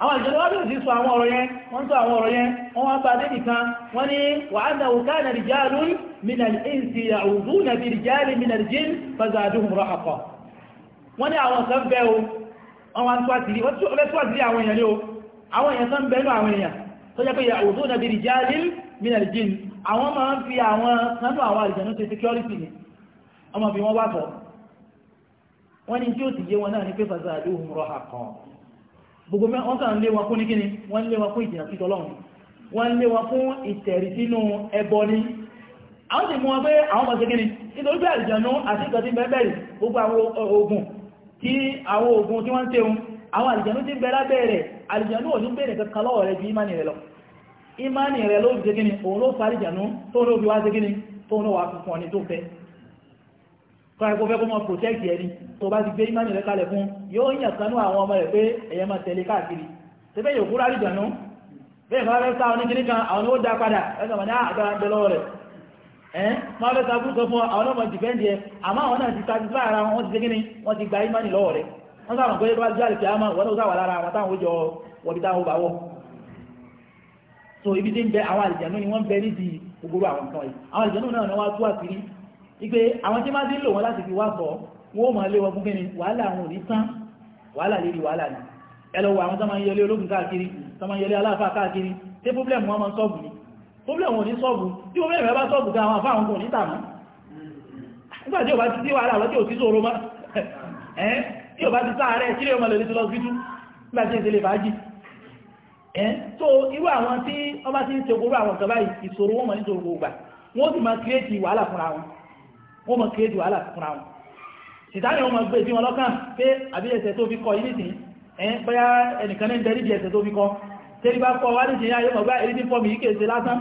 àwọn ìjẹni wọn bẹ̀rẹ̀ sí sọ àwọn ọ̀rọ̀ yẹn wọ́n sọ àwọn ọ̀rọ̀ yẹn wọ́n wá bá débì kan wọ́n ní wà ń tó àtìrí wọ́n tó àwọn èèyàn àwọn èèyàn tán bẹ̀rù àwọn èèyàn tó jẹ́ pé òdó nàbí rijalin minal jinn àwọn máa ń fi àwọn nánú àwọn àlùjànnú ṣe security ni ọmọ bí wọ́n wá tọ́ wọ́n ní tí ó ti yé wọn náà ní pé fazaduhum rahaqa gbogbo mẹ́ wọ́n sàn lé wọn fún ní kíni wọ́n lé wọn fún ìjìnà sí tọ́lọ́run wọ́n lé wọn fún ìtẹ̀rí àwọn ogun tí wọ́n ń tẹun àwọn àlùjànnú ti bẹ àlìjànú ò ní bèèrè kankan lọ́wọ́ rẹ̀ ju ìmánì rẹ̀ lọ ìmánì rẹ̀ ló jẹ́ gíní òun ló parí jànú tó ló fi wá sí gíní tó ló wà fún ọ̀nì tó fẹ́ kọ́ẹ̀kọ́ fẹ́ kó mọ́ protect ẹni tó bá ti gbé ìmánì rẹ̀ kalẹ̀ fún yóò yàn kanú àwọn ọmọ rẹ̀ pé ẹ̀yẹ máa tẹ̀lé káàkiri tẹ́fẹ́ yóò kúrò àlìjànú bẹ́ẹ̀ máa fẹ́ sá ọ ní gíní kan àwọn ó dá padà ẹgbẹ̀ mọ̀ ní ah, àgbára ń bẹ lọ́wọ́ rẹ̀ ẹ́ máa fẹ́ sá fún sọ fún àwọn ọmọ dìfẹ́ǹdì ẹ àmọ́ àwọn náà ti satisfy ara wọn ti gíní wọ́n ti gba ìmánì lọ́wọ́ rẹ̀ wọ́n so ibi tí ń bẹ àwọn àlìjẹ̀nú ni wọ́n bẹ níbi ògbóró àwọn nǹkan yìí àwọn àlìjẹ̀nú náà ni wọ́n tú àkiri wípé àwọn tí máa ń lò wọ́n láti fi wá sọ wọ́n mọ̀ lé wọn fún kíni wàhálà àwọn òní tán wàhálà lérí wàhálà ni ẹ lọ wọ àwọn tọ́mọ yẹlé ológun káàkiri tọ́mọ yẹlé aláàfáà káàkiri tí pọ́blẹ̀mù wọn máa ń sọ́ọ̀bù ni pọ́blẹ̀mù òní sọ́ọ̀bù tí wọ́n mẹ́rin bá sọ́ọ̀bù gan àwọn afáwọn kò ní tàmú nígbà tí ò bá ti tí ò bá ti sáàrẹ̀ sílé ọmọ lórí tó lọ sí tú nígbà tí ìṣẹ̀lẹ̀ fàájì ẹ́ tó irú àwọn tí wọ́n bá ti ń ṣogoro àwọn ìjọba ìṣòro wọn ní ṣòro gbogbo wọ́n sì máa kírétì wàhálà fúnra wọn wọ́n máa kírétì wàhálà fúnra wọn ìtàní wọn máa gbé sí wọn lọ́kàn pé àbí ẹsẹ̀ tó fi kọ yìí nìsín ẹ̀ bóyá ẹnìkan náà ń ẹsẹ̀ tó fi kọ tẹ́lí bá kọ wá nìsín ayé mọ̀gbá èyí tí fọ́ọ̀mù yìí lásán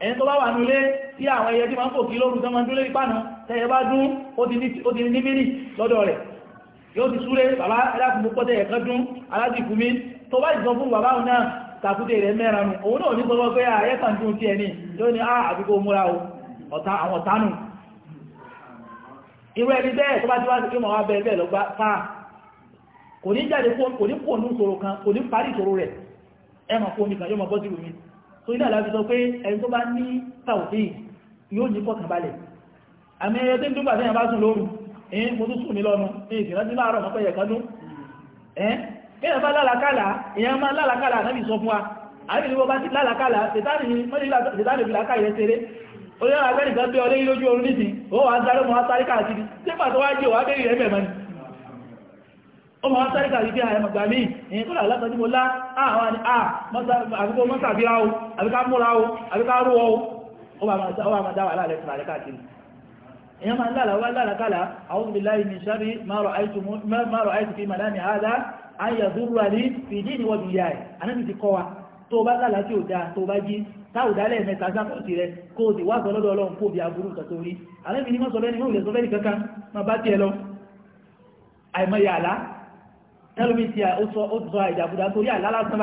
ẹni tó bá wà nílé tí àwọn ẹyẹ tí ma ń fò kí lórúkọ ma ń dúlé yóò ti súré bàbá ẹlákùnmọ́ pọ́tẹ̀ ẹ̀kan dún alájìkú mi tó bá ìsọ fún bàbá náà tàkúté rẹ̀ mẹ́ranù òun náà ní sọ pé àyẹ́kàn dún tí ẹni yóò ní àbíkó múra ọ̀tá àwọn tánù irú ẹni bẹ́ẹ̀ tó bá ti wá sí kí mọ̀ wá bẹ́ẹ̀ bẹ́ẹ̀ lọ́gbá sáà kò ní jáde kò ní pò ní ìṣòro kan kò ní parí ìṣòro rẹ̀ ẹmọ̀ kó omi kan yóò mọ̀ bọ́ sí omi tó ní àlàáfi sọ pé ẹni tó bá ní tàùtí yóò ní kọkànbalẹ̀ àmì ẹyẹ tí ń dúpà sẹ́yìn bá sùn lóru ẹ̀yìn mo tún sùn ní lọ́nu ní ìsìnlájí láàárọ̀ mọ́pẹ́ yẹ̀ kanú ẹ́n kéèyàn bá lálàkàlà èèyàn máa lálàkàlà ànábì sọ fún wa àbí ìwọ bá ti lálàkàlà sètánì fi làkà ìrẹ́ tẹ́rẹ́ olóyún agbẹ́ni kan gbé ọlẹ́yìn lójú oorun nísìn ó wà á sáré mọ́ á sáré káàkiri sípà tó wá jẹ́ òwá bẹ́rì rẹ̀ mẹ́mọ́ ni ó mọ́ á sáré káàkiri àyẹ̀ ah, mọ̀gbà míì èyí kọ́lá látọ́jú mo lá ah, àwọn àgbẹ́gbẹ́ ah, mọ́sàbíra o àbíká múra o àbíká rú ọ o ó wà máa dá wà láàrẹ̀ káàkiri èyàn máa lára wá lára kálá àwọn billahi min sharri ma ra'aytu fi manami hadha an yadurrani fi dini wa dunyaya anábì ti kọ́ wa tó bá lára tí ó dáa tó bá jí táwùdálẹ̀ mẹ́ta sáfọ́sì rẹ kó o ti wá sọ lọ́dọ̀ ọlọ́run kó o bí aburú nǹkan tó rí anábì ní mọ́sọ̀lẹ́ni mọ́ ìlẹ̀sọ̀lẹ́ni kankan máa bá tiẹ̀ lọ àìmọye àlá tẹ́lómi ti ó sọ ìjàbùdà torí àlá lásán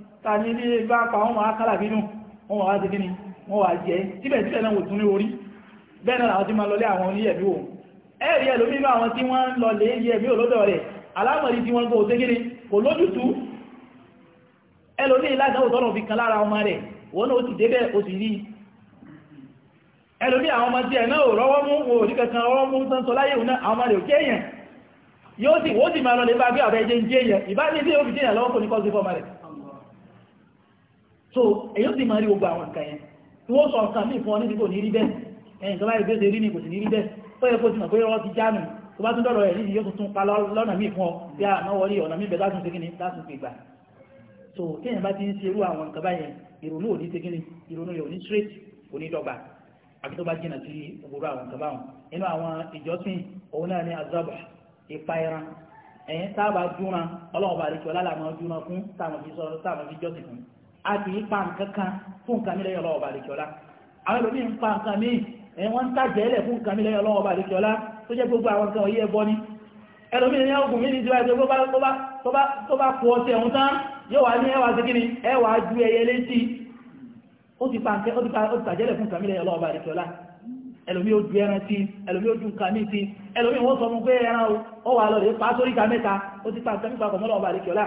ta ní ilé bá pa wọ́n máa kálà bínú wọ́n wà láti gíní wọ́n wà jẹ́ síbẹ̀síbẹ̀ náà wò tún ní orí bẹ́ẹ̀ náà àwọn tí máa lọlé àwọn oníyẹ̀bí wò ẹ̀rí ẹlòmí bá àwọn tí wọ́n lọ lè yẹ̀bí olódọ̀ rẹ̀ alámọ̀rí tí wọ́n gbọ́ òtégírí kò lójútú ẹlòmí ìlàdáwò tọ́nà fi kan lára ọmọ rẹ̀ wọ́n náà ó ti débẹ̀ ó ti rí ẹlòmí àwọn ọmọ tí ẹ̀ náà rọwọ́ mú òrí kankan rọwọ́ mú sánsọ láyé òun náà àwọn ọmọ rẹ̀ ò kéèyàn yóò sì wó sì máa lọ lè bá bí àbẹ́jẹ́ ń jẹ́ èèyàn ìbá ní ilé òfin jẹ́yàn lọ́wọ́ kò ní kọ́ sí fọ́mọ rẹ̀ so èyàn ti máa rí gbogbo àwọn nǹkan yẹn tí wọ́n sọ nǹkan mí fún ọ níbi kò ní rí bẹ́ẹ̀ ẹ̀yìn tó bá rí bẹ́ẹ̀ rí ní kò sì ní rí bẹ́ẹ̀ ó yẹ kó ti mọ̀ pé ọwọ́ ti já nù tó bá tún dọ̀rọ̀ ẹ̀ níbi yóò tún pa lọ́nà mí fún ọ bí a náà wọlé ọ̀nà mí bẹ̀ látún segin ní látún fi gbà so téèyàn bá ti ń ṣe irú àwọn nǹkan báyẹn ìrònú ò ní segin ní ìrònú yóò ní straight kò ní dọ́gba àti tó bá jìnà sí òwúrọ̀ àwọn nǹkan báwọn inú àwọn ìjọsìn òun náà ní azaba ìpa ẹran ẹ̀yìn táàbà dúnra ọlọ́run bá rí kí ọlá a kì í pa nǹkan kan fún nǹkan mi lẹ́yìn ọlọ́wọ́ balẹ̀kíọ́lá àwọn ẹlòmí ń pa nǹkan mi ẹ̀ wọ́n ń tàjẹ́ ẹlẹ̀ fún nǹkan mi lẹ́yìn ọlọ́wọ́ balẹ̀kíọ́lá tó jẹ́ gbogbo àwọn nǹkan ọ̀yẹ́ ẹbọ ni ẹlòmí ní ọgùn mi ní ìjọba ẹgbẹ́ tó bá kú ọtí ẹ̀hún tán yóò wá ní ẹwà sí kíni ẹwà ju ẹyẹ létí ó ti pa nǹkan ó ti tàjẹ́ ẹlẹ̀ fún nǹkan mi lẹ́yìn ọlọ́wọ́ balẹ̀kíọ́lá ẹlòmí ó ju ẹran tí ẹlòmí ó ju nǹkan ní tí ẹlòmí wọ́n sọ fún pé ẹran ó wà lọ rẹ̀ pa sórí ìka mẹ́ta ó ti pa nǹkan nípa kọ̀mọ́lọ́wọ́ balẹ̀kíọ́lá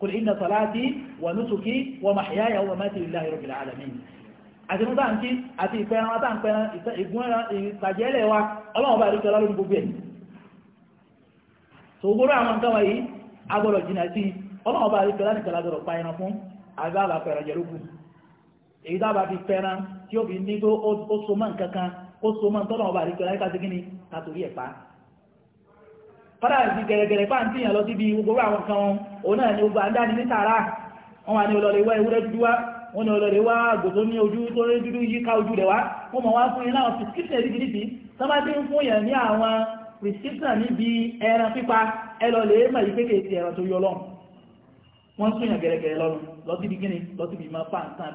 قل إن صلاتي ونسكي ومحياي ومماتي لله رب العالمين àtìmú bá ń kí àti ìpẹran àtà ń pẹran ìgbọ́n ìtàjẹ́lẹ̀ wa ọlọ́run bá ríkẹ́ lọ́lọ́run gbogbo ẹ̀ tó gbóró àwọn nǹkan wáyé agbọ́dọ̀ jìnà sí ọlọ́run bá ríkẹ́ láti kẹlágbọ́dọ̀ pa ẹran fún àgbàlá kọ́dà sí gẹ̀rẹ̀gẹ̀rẹ̀ pàà ń tíyàn lọ síbi gbogbo àwọn kan òun náà ni gbogbo àndáni ní tààrà wọn wà ní ọlọ́rẹ̀ wá ewúrẹ́ dúdú wá wọn ni ọlọ́rẹ̀ wá gbogbo ní ojú tó rí dúdú yí ká ojú rẹ̀ wá wọn mọ̀ wá fún yín láwọn prescription rí gidi tó bá ti ń fún yàn ní àwọn prescription níbi ẹran pípa ẹlọ́lẹ̀ mọ̀ yí kéèké ti ẹran tó yọ lọ́n wọ́n tún yàn gẹ̀rẹ̀gẹ̀rẹ̀ lọ́nu lọ síbi gíní lọ síbi máa fa nǹkan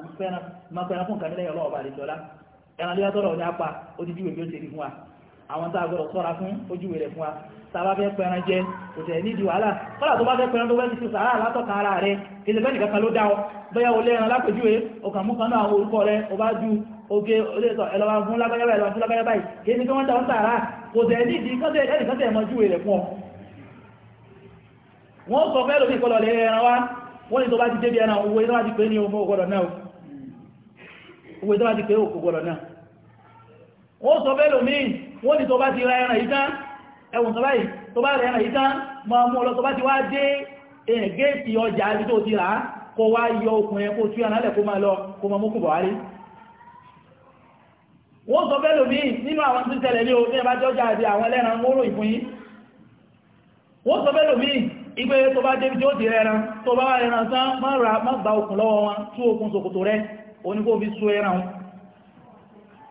máa fẹ́ràn fún kàmílẹ̀ ọlọ́ọ̀bà àwọn tá a gbọ́dọ̀ sọ́ra fún ojú rẹ̀ fún wa tàbá fẹ́ pẹran jẹ kò tẹ̀ ní ìdíwà aláà kọ́lá tó bá fẹ́ pẹran tó fẹ́ ti sàárà látọ̀ka ara rẹ̀ kìí fẹ́ nìkan kan ló dáwọ́ bẹ́yà olè ẹran lápèjúwe ọkàn mú kan náà àwọn orúkọ rẹ̀ ó bá ju oge olóòtọ̀ ẹlọ́wà fún lágbàyàbà ẹlọ́wà fún lágbàyàbà yìí kìí ní kí wọ́n dáwọ́ sàárà kò tẹ̀ ní ìdí kọ́tẹ̀ ẹnìkan tẹ̀ mọ́ ju rẹ̀ fún ọ wọ́n sọ fẹ́ lómi ìkọlọ̀ lè ẹran wá wọ́n ni wọ́n ni tó bá ti ra ẹran yìí tán ẹwùn tó tó bá ẹran yìí ma mú ọlọ tó bá ti wá dé ọjà ibi tó ti rà yọ okùn kó tú máa lọ kó wọ́n sọ bẹ́ẹ̀ nínú àwọn tí tẹ̀lẹ̀ ní ẹbá àti àwọn ẹlẹ́ran wọ́n sọ bẹ́ẹ̀ tó bá débi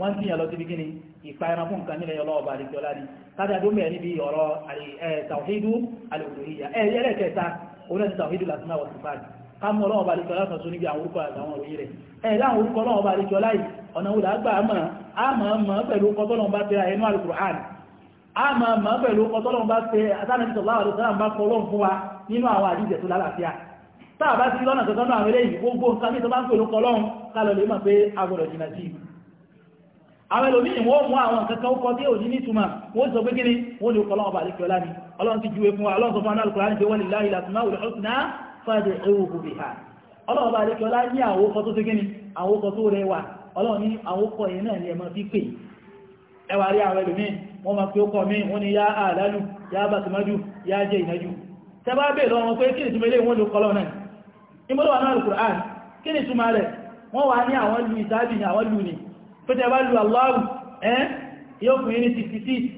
wọ́n ń tìyàn lọ síbi kíni ìpa ẹran fún nǹkan nílẹ̀ ọlọ́ọ̀bà àdìsí ọlá ni kájà tó mẹ́rin níbi ọ̀rọ̀ tàwíìdù alòkùnrinìyà ẹ̀ ẹlẹ́kẹta onídàájú tàwíìdù làtúnà wọ̀ sípàdì kámú ọlọ́ọ̀bà àdìsí ọlá sọ̀tún níbi àwọn orúkọ àtàwọn òye rẹ̀ ẹ̀ láwọn orúkọ ọlọ́ọ̀bà àdìsí ọlá yìí ọ̀nà wo làágbà mọ̀ àmọ́ mọ̀ pẹ̀lú kọ́tọ́lọ́ọ̀bà tẹ́ra ẹnu Al-Qur'an àmọ́ mọ̀ pẹ̀lú kọ́tọ́lọ́ọ̀n bá ṣe àtànàbí sọ̀lá àrùsọ́lá bá kọlọ́n fún wa nínú àwọn àdíjẹ̀ tó lálàáfíà táà bá sí lọ́nà tọ́tọ́nà àwọn eléyìí gbogbo nǹkan ní tó bá ń pẹ̀lú kọlọ́n kálọ̀ lè mọ̀ pé agbọ̀dọ̀ jìnà sí i àwọn ẹlòmíì wọ́n mú àwọn nǹkan kan kọ tí ò ní nítumà wọ́n sọ pé kíni wọ́n lè kọ́ lọ́wọ́ bàálì kíọ́lá ni ọlọ́run ti júwe fún wa ọlọ́run sọ fún anáàlù kọ́lá ní pé wọ́n lè láyé láti máa wùlẹ̀ ọ̀sùn náà fàájẹ̀ ẹwù kò bìhà ọlọ́run bàálì kíọ́lá ní àwòkọ tó ti kíni àwòkọ tó rẹwà ọlọ́run ní àwòkọ yẹn náà ni ẹ máa fi pè ẹwà rí àwọn ẹlòmíì wọ́n máa fi ó kọ mí pé tẹ́ bá lu Allahu ẹ́n yóò fún yín ní 66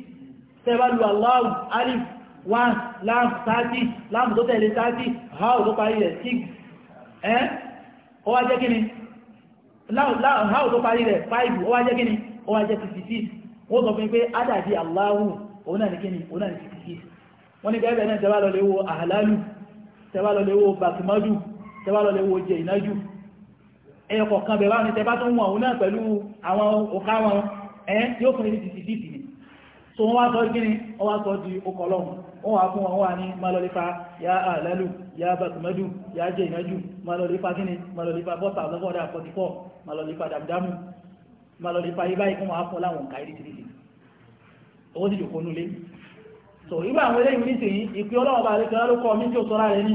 tẹ́ bá lu Allahu alif 1 lam 30 lam tó tẹ̀lé 30 how ló parí rẹ̀ 6 ẹ́n ó wá jẹ́ kíni how tó parí rẹ̀ 5 ó wá jẹ́ kíni ó wá jẹ́ 66 wọ́n sọ fún pé ádàdí Allahu òun náà ní kíni òun náà ní 66 ẹyọ kọ̀ọ̀kan bẹ̀rẹ̀ ní tẹbá tó ń wọ̀n náà pẹ̀lú àwọn òká wọn ẹ́ yóò fún ní títí títí ni so wọ́n wá sọ gíní wọ́n wá sọ di okọ̀ lọ́wọ́ wọ́n wá fún wọn wà ní malọ́lípa ya àlẹ́lù ya bàtùmẹ́dù ya jẹ ìnájù malọ́lípa gíní malọ́lípa bọ́ta lọ́gọ́dà 44 malọ́lípa dàmdàmù malọ́lípa ibá ikú wọn fún láwọn káì títí owó sì jòkó nulé so irú àwọn eléyìí nísìnyí ìpín ọlọ́wọ́ bá rẹ̀ kẹ́lá ló kọ́ mí tí ó sọ́ra rẹ̀ ní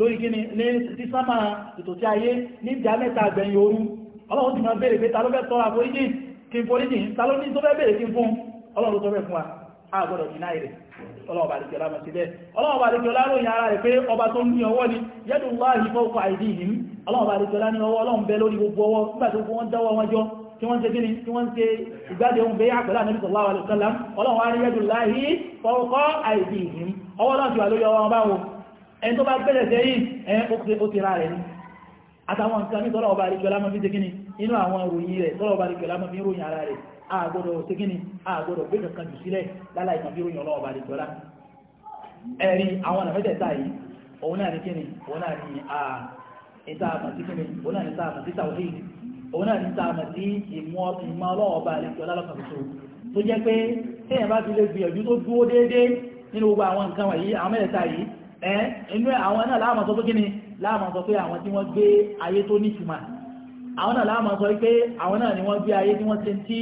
lórí gíní ní sísámà ètò tí ayé ní ìjà mẹ́ta àgbẹ̀yìn òru ọlọ́run ti máa bèèrè pé ta ló fẹ́ tọ́ra foríjì kí n foríjì ta ló ní tó fẹ́ bèèrè kí n fún ọlọ́run tó fẹ́ fún wa a gbọ́dọ̀ jìnà ìrẹ̀ ọlọ́ọ̀bà àdìjọlá mọ̀ sílẹ̀ ọlọ́ọ̀bà àdìjọlá ròyìn ara rẹ̀ pé ọba tó ní ọwọ́ ni yadullahi fawqa aydihim ọlọ́ọ̀bà àdìjọlá ní ọwọ́ ọlọ́run bẹ lórí gbogbo ọwọ́ nígbàtí wọ́n dáwọ́ wọn jọ tí wọ́n ṣe gíní tí wọ́n ṣe ọlọ́run ẹni tó bá gbẹ́lẹ̀ sẹ́yìn ẹn ó ti ra rẹ̀ ní àtàwọn nǹkan ní tọ́lọ̀ ọba àríkẹ́ lámọ́ fi tẹ́kíní inú àwọn ìròyìn rẹ̀ tọ́lọ̀ ọba àríkẹ́ lámọ́ fi ròyìn ara rẹ̀ àgbọ́dọ̀ tẹ́kíní àgbọ́dọ̀ gbé kankan jù sílẹ̀ láláì kan fi ròyìn ọlọ́ọba àríkẹ́ lá ẹ̀rí àwọn àfẹ́tẹ̀ta yìí òun náà ní kíni òun náà ní ìta àmàtí kíni òun náà ní ìta àmàtí tàwíì òun náà ní ìta àmàtí ìmọ̀ ọlọ́ọba àríkẹ́ lálọ́kan tó jẹ́ pé téèyàn bá fi lè gbìyànjú tó dúó déédéé ẹ́ inú àwọn náà láàmà sọ pé kí ni láàmà sọ pé àwọn tí wọ́n gbé ayé tó nítumà àwọn náà láàmà sọ pé àwọn náà ni wọ́n gbé ayé tí wọ́n ti tí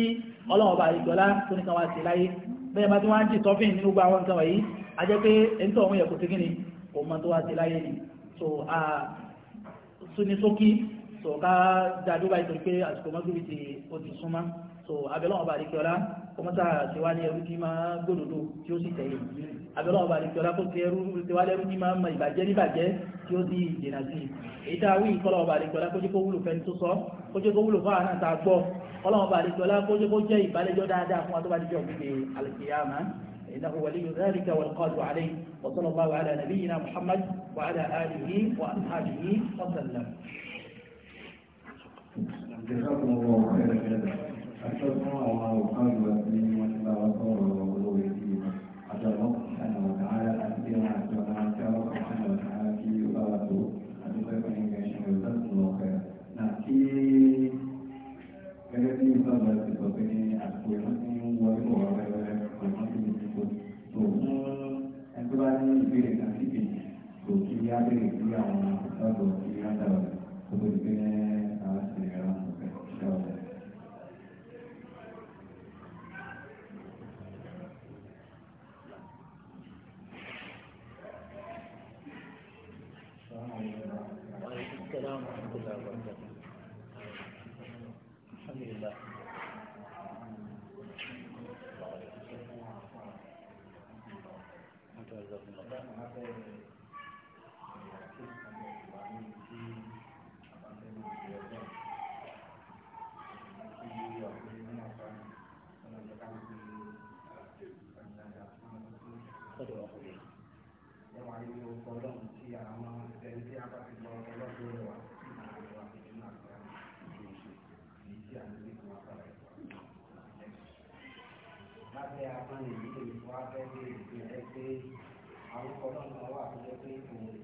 ọlọ́wọ̀n bá ìgbọ́lá tó ní kan wá sí láyé bẹ́ẹ̀ tí wọ́n ń jì sọ́fìn nínú gbogbo so a sún so ká dáadó báyìí torí pé àsìkò mọ́gbìbì so abẹ́lọ́wọ̀n bá àríkẹ́ọlá kọmọ́sá tiwa ní ẹrú tí máa gbódòdó tí ó sì tẹ̀lé abẹ́lọ́wọ̀n bá àríkẹ́ọlá kó ti ẹrú tiwa lẹ́rú tí máa mọ ìbàjẹ́ níbàjẹ́ tí ó sì dènà sí èyí tá a wí kọ́lọ́wọ̀n bá àríkẹ́ọlá kó jẹ́ kó wúlò fẹ́ni tó sọ kó kó wúlò fáwọn náà tá gbọ́ kọ́lọ́wọ̀n bá àríkẹ́ọlá kó jẹ́ kó jẹ́ ìbálẹ́jọ́ dáadáa fún wa tó bá أشهد الله وقال وسلم وسلم وصوره وقلوب الدين أشهد الله سبحانه وتعالى أكبر أشهد الله سبحانه وتعالى في أباته أتوقف أن يشهد الدرس الواقع نأتي gẹ́gẹ́ bí ìsọ̀rọ̀ ti sọ pé àpò ìrántí ń wọlé ọ̀rọ̀ rẹ̀ ìrántí ti kó tó fún ẹgbẹ́ bá ní ìbéèrè kan síbi kò kí á béèrè sí àwọn ìsọ̀rọ̀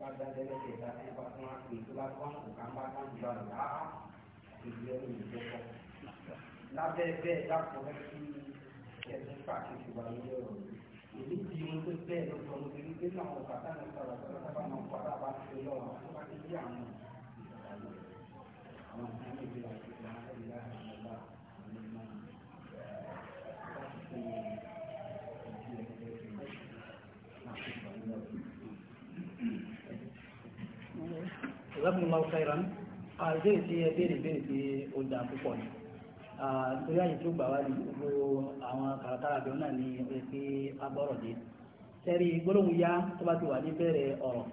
bá dájọ́ lẹ́sẹ̀ ìta tí bá fún àpè tó bá fún àpò ká bá fún àjùlọ àlá ìdílé ní ìjọpọ̀. lábẹ́ bẹ́ẹ̀ dápọ̀ fẹ́ kí ẹ̀sìn pàkíyèsí wà lórí ọ̀rọ̀ èyí ti ohun tó bẹ́ẹ̀ ló sọ mo ti rí pé náà bàtà ní sọ̀rọ̀ sọ̀rọ̀ sábà máa ń padà bá ti lọ àwọn tó bá ti rí àwọn ìgbàlódé àwọn ìgbàlódé àti ìgbàlódé jazakumullahu khairan àìbéèrè ah, tí ẹ béèrè béèrè tí ó dà púpọ̀ ni ah, torí àyè tó gbà wá ní gbogbo àwọn kàràkàrà bẹ́ẹ̀ náà ni ó yẹ kí a gbọ́rọ̀ dé sẹ́rí gbólóhùn yá tó bá ti wà ní bẹ̀rẹ̀ ọ̀rọ̀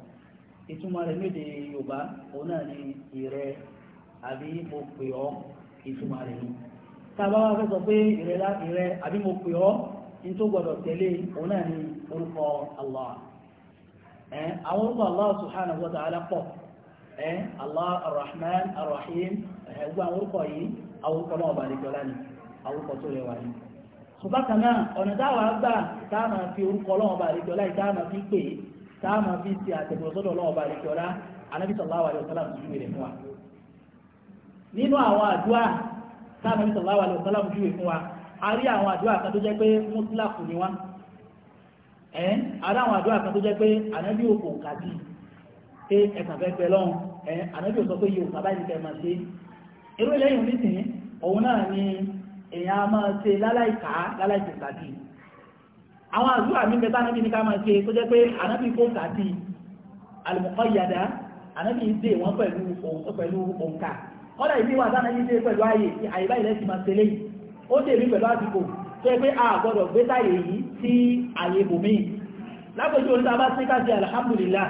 ìtumọ̀ rẹ̀ méde Yorùbá òun náà ni ìrẹ àbí mo pè ọ́ ìtumọ̀ rẹ̀ ni tá a bá wá fẹ́ sọ pé ìrẹ ìrẹ àbí mo pè ọ́ nítorí gbọ́dọ̀ tẹ̀lé òun náà ni orúkọ Allah ẹ̀ àwọn orúkọ Allah subhanahu wa ta'ala ẹ́ Allah Ar-Rahman Ar-Rahim ẹ̀gbọ́n àwọn orúkọ yìí àwọn orúkọ náà bá lè jọlá ni àwọn orúkọ tó rẹwà ni ṣùgbọ́n náà ọ̀nà táwà gbà táàmà fi orúkọ ọlọ́wọ́ bá àríkẹ́ ọlá ìtaàmà fi pè táàmà fi ti àtẹ̀gbọ̀sọ́dọ̀ ọlọ́wọ́ bá àríkẹ́ ọlá Ànábì sallallahu alaihi wasallam júwe rẹ̀ fún wa nínú àwọn àdúà táàmà sallallahu alaihi wasallam júwe fún pé ẹ̀sàn fẹ́ pẹ́ lọ́hùn ẹ̀ ànábì ò sọ pé yóò bàbá ìdíkẹ́ máa ṣe irú eléyìí nísìnyí òun náà ni èèyàn a máa ṣe láláìka láláìka ìgbàdì àwọn àdúrà mi bẹ tánábì ní ká máa ṣe tó jẹ́ pé ànábì kó kàdí àlùmọ̀kọ́ ìyàdá ànábì dé wọn pẹ̀lú òǹkà kọ́dà ìdí wà tánábì dé pẹ̀lú ààyè àyè báyìí lẹ́sìn máa ṣe léyìí ó dè mí pẹ̀lú àsìkò tó yẹ pé a gbọ́dọ̀ gbé táyè yìí sí àyè bòmíì lápẹjù oníta bá sí ká ṣe alhamdulillah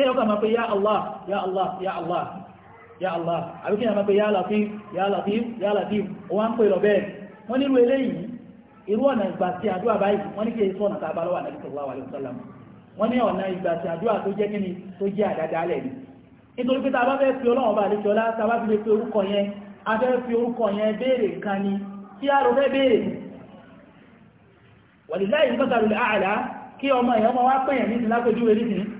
tí yóò kàmà pé ya Allah ya Allah ya Allah ya Allah àbí kí yàmà pé ya Latif ya Latif ya Latif wọ́n ń pè lọ bẹ́ẹ̀ wọ́n nílò eléyìí irú ọ̀nà ìgbà tí àdúrà báyìí wọ́n ní kí èso ọ̀nà tàbá lọ́wọ́ àdàbí sallallahu alaihi wasallam wọ́n ní ọ̀nà ìgbà tí àdúrà tó jẹ́ kíni tó jẹ́ àdádálẹ̀ ni nítorí pé tàbá fẹ́ fi ọlọ́wọ́ bá àdéṣọ́ lá tàbá fi lè fi orúkọ yẹn a fẹ́ fi orúkọ yẹn béèrè kan ni kí a rò fẹ́ béèrè wàlìláyìn kọ́sàrùlẹ̀ àlá kí ọmọ ìyọmọ wá pẹ̀yẹ̀ ní ìsìnlápẹ̀jú rẹ̀ nìsìn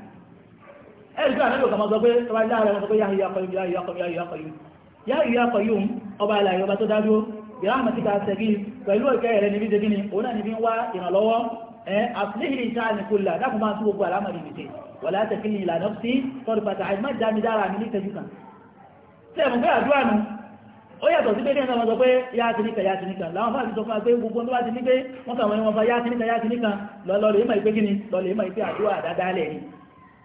ẹ̀rí pé ànábì ọ̀kàmọ́ sọ pé ọba ilé ààrẹ wọn sọ pé yáhìí akọ̀yún yáhìí akọ̀yún yáhìí akọ̀yún yáhìí akọ̀yún ọba alàyè ọba tó dájú ìráhùn àti ká sẹ́gí pẹ̀lú ọ̀kẹ́ rẹ̀ níbi ṣe gíní òun náà níbi ń wá ìrànlọ́wọ́ àfihì ìṣáàlì kùlà dákùn máa tún gbogbo àlámà níbi ṣe wà láti fi ìlànà sí sọ́dún pàtà àìmá dámi dára ní ìtẹ́jú kan tẹ́ mọ̀ pé àdúrà nu ó yàtọ̀ sí pé ní ẹ̀sán sọ pé yá ti níkan yá ti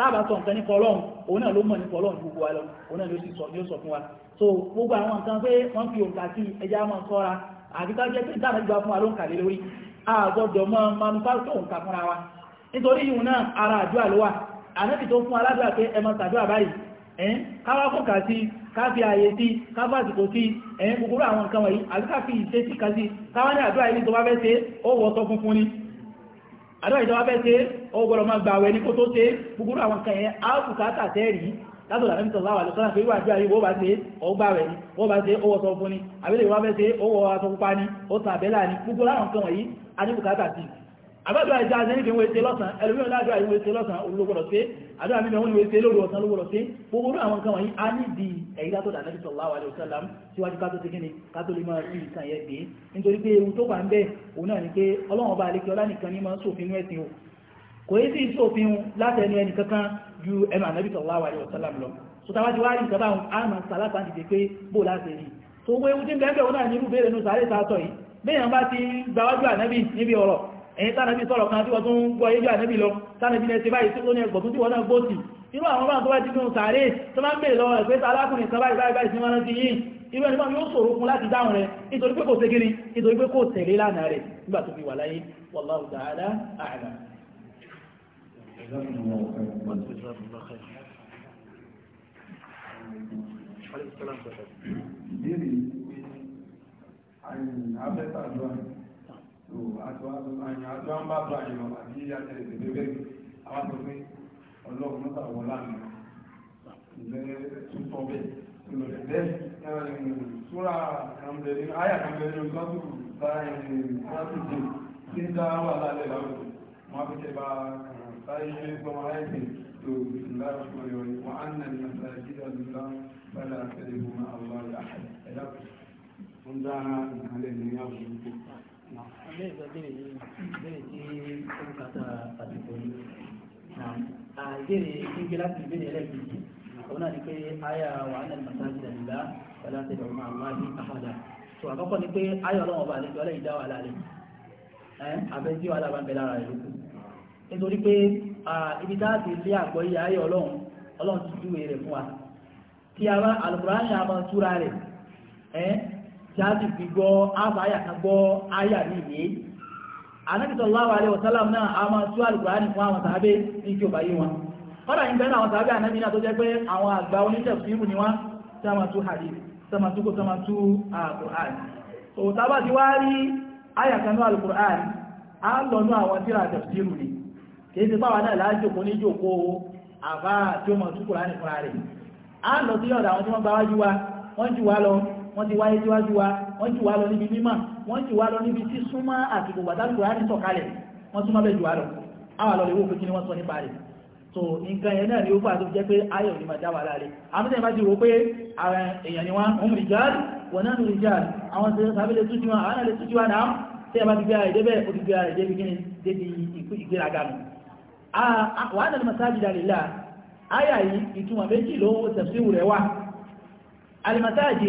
tábà sọ nǹkan nípa ọlọ́run òun náà ló mọ̀ nípa ọlọ́run gbogbo wa lọ òun náà ló sì sọ ní ó sọ fún wa so gbogbo àwọn nǹkan pé wọ́n fi òǹkà sí ẹja máa sọ́ra àti ká jẹ́ pé dára gbà fún wa ló ń kà lé lórí àgbọ̀dọ̀ mọ́ manufacture òǹkà fúnra wa nítorí ìhun náà ara àdúrà ló wà ànábì tó fún aládùúrà pé ẹ máa ṣàdúrà báyìí ẹ̀ẹ́n káwá fún kà sí ká fi ààyè sí ká fàsìkò sí ẹ̀ẹ́n gbogbo àwọn nǹkan wọ̀nyí àti ká fi ìṣesí kan sí káwá ní àdúrà yìí tó bá fẹ́ ṣe ó wọ́ sọ funfun ni àdúrà ìjọba fẹ́ ṣe ó gbọ́dọ̀ máa gbà wẹ̀ ní kó tó ṣe gbogbo àwọn kan yẹn áàpùkátà tẹ́ẹ̀rí látọ̀dà ní sọ̀rọ̀ àwọn àlùsọ́nà pé wàjú àríwó bá ṣe ọgbà rẹ̀ ni ó bá ṣe owó sọ fún ni àbílẹ̀ ìwọ́n fẹ́ ṣe owó aṣọ ni ó tàn àbẹ́là ni gbogbo láwọn nǹkan wọ̀nyí ṣe àdúrà mímọ̀ wọ́n ni wọ́n ṣe lórí ọ̀sán lówó lọ sí gbogbo àwọn nǹkan wọ̀nyí a ní di ẹ̀yí látọ̀ dà lẹ́bí sallallahu alaihi wasallam síwájú ká tó ti kíni ká tó lè máa rí ìtàn yẹn gbé nítorí pé ewu tó wà ń bẹ òun náà ni pé ọlọ́run ọba àlekẹ́ ọlá nìkan ní máa ń ṣòfin ẹ̀sìn o kò yé sí ìṣòfin láti ẹnu ẹnì kankan ju ẹnu ànábì sallallahu alaihi wasallam lọ sọtawájú wá rí nǹkan báwọn a máa sàlá sáà ti pé bó láti rí tó gbé ewu tí ń bẹ́ẹ̀ bẹ́ẹ̀ òun náà ní irú béèrè nù sáré sáà sọ yìí bẹ́ẹ̀ yàn bá ti gbáwájú ẹ̀yìn tánàbí sọ̀rọ̀ kan tí wọ́n tún gbọ́ yéjú ànábì lọ tánàbí lẹ́ ti báyìí tó ní ẹgbọ̀tún tí wọ́n náà gbóòtì irú àwọn ọmọ tó bá ti gbóhùn sàárè tó máa ń bèèrè lọ ẹ̀pẹ́ tá alákùnrin kan báyìí báyìí báyìí sí wọn ti yìí irú ẹni báwọn yóò ṣòro fún láti dáhùn rẹ̀ nítorí pé kò ṣe gírí nítorí pé kò tẹ̀lé lánàá rẹ̀ nígbà tó fi wà láyé wallahu ta'ala a'lam Ìbéèrè àìrìn abẹ́tàdúrà àjọ ń bá bá àyàn àti àtẹ̀lẹ̀ tẹ̀lẹ̀ bẹ́ẹ̀ àwọn tó pé ọlọ́run mọ́ta wọ láàmì ìgbẹ́ túnfọ́ bẹ́ẹ̀ ìlọ̀lẹ̀ bẹ́ẹ̀ súra kàmbẹ̀rẹ̀ ayà kàmbẹ̀rẹ̀ lọ́tù báyìí láti jẹ́ tí ń dá wà lálẹ́ láwùjọ wọn fi kẹba báyìí ṣe gbọmọ ayẹ́sìn tó láti kọ́ yọ wọn á nà ní ọ̀sà ìjìdá lùlá bẹ́ẹ̀ àtẹ̀lẹ̀ ìgbọmọ àwọn ọ̀rẹ́ àhẹ́ ẹ̀dá ń dá ìkàlẹ̀ ní àwùjọ Ilé ìgbàgbére yìí, ìbéèrè tí ó ń kàtà àtìkò yìí. Ìbéèrè gbígbé láti ìbéèrè ẹlẹ́gbẹ̀ẹ́ òun náà ni pé aya wà ní masajid àdìgbà pẹ̀lú àti ìdọ̀rùn àmàlí àhàdà. Tó àkọ́kọ́ ni pé aya ọlọ́wọ́ bá àlejò ọlẹ́yìn dá wà lálẹ́. Àbẹ́ tí wàhálà bá ń bẹ lára rẹ̀ lókù. Nítorí pé ibi tá a ti lé àgbọ́yé aya ọlọ́run, ọlọ́run ti júwe rẹ̀ fún wa. Tí a bá Al-Qur'ani àmọ́ túra rẹ̀, ṣáàtì fi gbọ́ àbáyà kan gbọ́ àyà ní ìyé Ànábì sallallahu alaihi wasallam náà a máa tú Al-Qur'ani fún àwọn sàábé ní kí ó bá yé wọn kọ́dà ń bẹ́ẹ̀ àwọn sàábé Ànábì náà tó jẹ́ pé àwọn àgbà onítẹ̀fìrù ni wọ́n sáma tú hadith sáma tú kó sáma tú Al-Qur'an òtá bá ti wá rí àyà kan ní Al-Qur'an a lọ ní àwọn tíra tẹ̀fìrù ni kìí ti báwa náà láàájòkó ní jòkó àbá tí ó mọ̀ tú Qur'ani fúnra rẹ̀ a lọ sí ọ̀dà àwọn tí wọ́n gbáwájú wa wọ́n jù wá wọ́n ti wáyé síwájú wa wọ́n jù wá lọ níbi mímọ̀ wọ́n jù wá lọ níbi tí súnmọ́ àsìkò wàtálùkù rá ní sọ̀kalẹ̀ wọ́n súnmọ́ bẹ́ẹ̀ jù wá lọ àwọn àlọ́ ìwò pínpín wọ́n sọ nípa rẹ̀ so nǹkan yẹn náà ni ó fà tó jẹ́ pé ayọ̀ ní màdá wà láàrẹ̀ àmúdẹ̀ bá ti rò pé àwọn èèyàn ni wọ́n ń rìjáàlì wọ̀n náà ń rìjáàlì àwọn sàbílẹ̀ túnjú wọn àwọn àlẹ́ túnjú wọn náà tí a bá ti gbé ara ìdẹ́bẹ̀ ó ti gbé ara ìdẹ́bí gíní débi ìgbéraga nù wà á nà masajida lillah áyà yìí ìtumọ̀ méjì ló tẹ̀síwù rẹ̀ wà alimasáàjì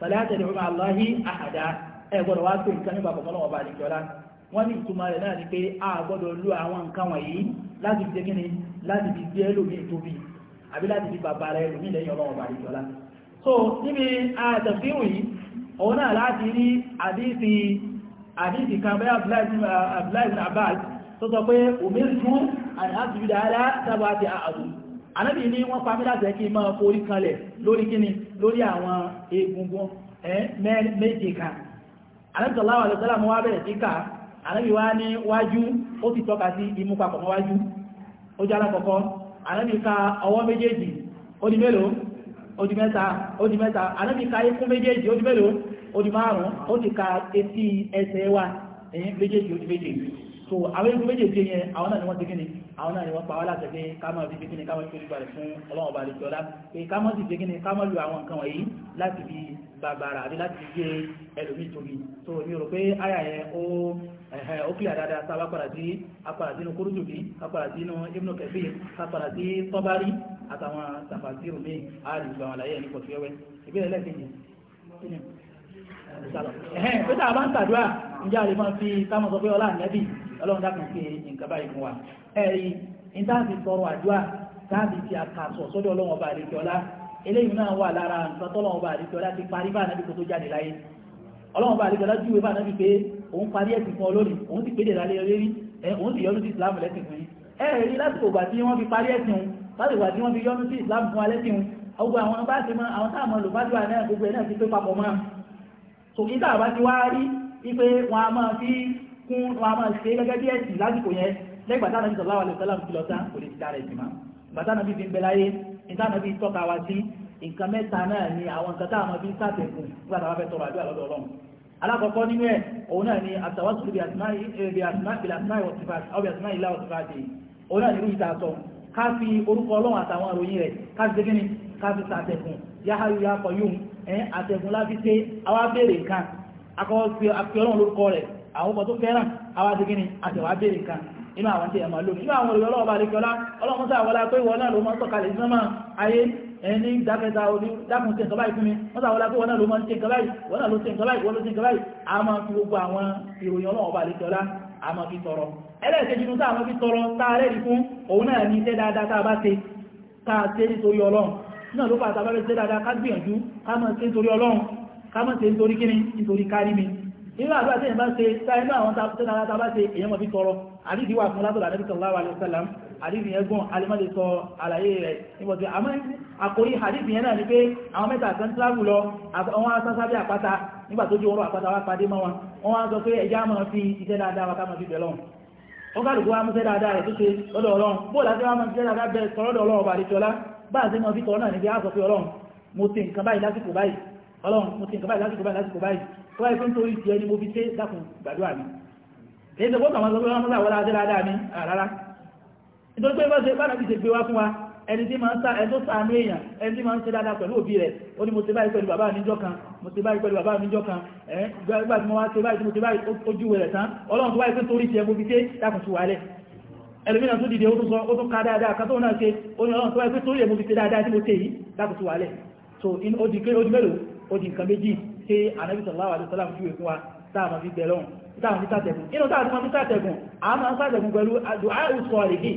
fàlẹ́ tẹ̀lé ọmọ aláhi àhàdá ẹ gbọ́dọ̀ wá pé nǹkan nípa pọ̀pọ̀ lọ́wọ́ bá lè jọlá wọ́n ní ìtumọ̀ rẹ̀ náà ni pé a gbọ́dọ̀ lo àwọn nǹkan wọ̀nyí láti fi kíni láti fi gbé ẹlòmíì tóbi àbí láti fi bàbá rẹ̀ ẹlòmíì lẹ́yìn ọlọ́wọ́ bá lè jọlá so níbi àtẹ̀fíhùn yìí òun náà láti rí àdífi anábì ní wọ́n pa mí láti kí máa forí kanlẹ̀ lórí kíni lórí àwọn egungun méje kan anábì sallallahu alaihi wasallam wá bẹ̀rẹ̀ sí ká anábì wá ní wájú ó ti tọ́ka sí imú papọ̀ mọ́ wájú ó jẹ́ alákọ̀ọ́kọ́ anábì ka ọwọ́ méjèèjì ó di mélòó ó di mẹ́ta ó di mẹ́ta anábì ka ikún méjèèjì ó di mélòó ó di márùn-ún ó ti ka etí ẹsẹ̀ wa so àwọn ikú méjèèjì yẹn àwọn náà ni wọ́n ti kíni àwọn náà ni wọ́n pa wá láti pé ká máa fi kíni ká máa fi balẹ̀ fún ọlọ́run ọba àlejò ọlá pé ká máa ti fi kíni ká máa lu àwọn nǹkan wọ̀nyí láti fi bàbàrà àbí láti fi yé ẹlòmíì tóbi so mi rò pé àyà yẹn ó ẹ̀hẹ́ ó kíyà dáadáa sábà padà sí apàdà sínú kúrúdùbí apàdà sínú ibnu kẹfì apàdà sí tọ́bárí àtàwọn sàfàtìrù míì àdìgbà wọn láyé ẹni pọ̀ sí wẹ́wẹ́ ìbéèrè lẹ́ẹ̀kejì ẹ̀hẹ́n pé tàà bá ń tàdúrà ìjà rẹ̀ máa fi táwọn sọ pé ọlá ànẹ́bì ọlọ́run dákùn sí nǹkan báyìí fún wa ẹ̀rí ìtàfi sọ̀rọ̀ àdúrà tàbí ti àkàsọ̀ sọ́dọ̀ ọlọ́run ọba àlejò ọlá eléyìí náà wà lára nǹkan tọ́lọ́run ọba àlejò ọlá ti parí bá ànẹ́bì kó tó jáde láyé ọlọ́run ọba àlejò ọlá júwe bá ànẹ́bì pé òun parí ẹ̀sìn fún ọlọ́run òun ti pédè lálẹ́ rírí òun ti yọnu sí ìsìlámù lẹ́sìn fún yín ẹ̀rí so ìta àbá ti wá rí wípé wọn a máa fi kún wọn a máa ṣe gẹ́gẹ́ bí ẹ̀sìn lásìkò yẹn lẹ́gbàtà nàbí sallallahu alaihi wasallam ti lọ tán kò lè ti dára ẹ̀sìn mọ́ gbàtà nàbí fi ń bẹ láyé ìta nàbí tọ́ka wa sí nǹkan mẹ́ta náà ni àwọn nǹkan tá a máa fi ń sàtẹ̀kùn nígbà tá a bá fẹ́ tọrọ àdúrà lọ́dọ̀ ọlọ́run alákọ̀ọ́kọ́ nínú ẹ̀ òun náà ni àtàwọ́sùn bí àtìmáì wọ̀tífàtì ọbẹ̀ àtìmáì ìlà wọ̀tífàtì òun náà ni irú ìta sọ ká fi orúkọ ọlọ́run àtàwọn ìròyìn rẹ̀ ká fi dégínì ká fi àtẹ̀gùn láti ṣe àwa béèrè nǹkan akọ́wọ́sí ọlọ́run lórúkọ rẹ̀ àwọn ọmọ tó fẹ́ràn àwa ti gíní àtẹ̀wà béèrè nǹkan inú àwọn tí ẹ̀mà lónìí inú àwọn olùyọ́ ọlọ́ọ̀bà àríkọlá ọlọ́run sàwọlá pé ìwọ náà ló mọ́ sọ̀kalẹ̀ sí mọ́mọ́ ayé ẹni dákẹta orí dákùn tí ẹ̀kọ́ báyìí fún mi wọ́n sàwọlá pé wọ́n náà ló mọ́ tí ẹ̀kọ́ báyìí wọ́n náà ló tí ẹ̀kọ́ báyìí wọ́n ló tí ẹ̀kọ́ báyìí a máa fi gbogbo àwọn ìròyìn ọlọ́ọ̀bà àríkọlá a máa fi tọrọ ẹlẹ́ẹ̀kejì ní sáà máa tá a bá ṣe náà ló pàtàkì abẹ́rẹ́ sí dáadáa ká gbìyànjú ká mọ̀ sí nítorí ọlọ́run ká mọ̀ sí nítorí kíni nítorí kárí mi nínú àdúrà tí èèyàn bá ṣe sáyẹnú àwọn tẹ́lára tá bá ṣe èèyàn mọ̀ fi tọrọ àdídì wà fún látọ̀lá Ànábì sallallahu alaihi wasallam àdídì yẹn gùn alimọ́lẹ̀ sọ àlàyé rẹ̀ níbọ̀tí àmọ́ àkórí àdídì yẹn náà ni pé àwọn mẹ́ta kan tíláàbù lọ àwọn asásábẹ́ àpáta nígbà tó jẹ́ ọrọ̀ àpáta wá padé mọ́ wọn wọ́n wá sọ pé ẹjá máa fi ó kálùkù wá múṣẹ́ dáadáa rẹ̀ túnṣe lọ́dọ̀ ọlọ́run bó láti wá múṣẹ́ dáadáa bẹ̀rẹ̀ sọ lọ́dọ̀ ọlọ́run bàrí jọlá bá àti mọ́ fíkọ náà níbi àṣọ pé ọlọ́run mo ti nǹkan báyìí lásìkò báyìí ọlọ́run mo ti nǹkan báyìí lásìkò báyìí mi èyí tó gbọ́kàn wọn sọ pé wọ́n ẹni tí ma ń sá ẹni tó sàánú èèyàn ẹni tí ma ń ṣe dáadáa pẹ̀lú òbí rẹ̀ ó ní mo ṣe báyìí pẹ̀lú bàbá mi jọ́ kan mo ṣe báyìí pẹ̀lú bàbá mi jọ́ kan ẹ̀ gbàgbà tí mo wá ṣe báyìí tí mo ṣe báyìí ojú rẹ̀ tán ọlọ́run tó báyìí pé torí ti ẹ̀ mo fi ṣe dákùn sí wàálẹ̀ ẹlòmínà tó dìde ó tún sọ ó tún ká dáadáa kan tó náà ṣe ó ní ọlọ́run tó báyìí pé torí ẹ̀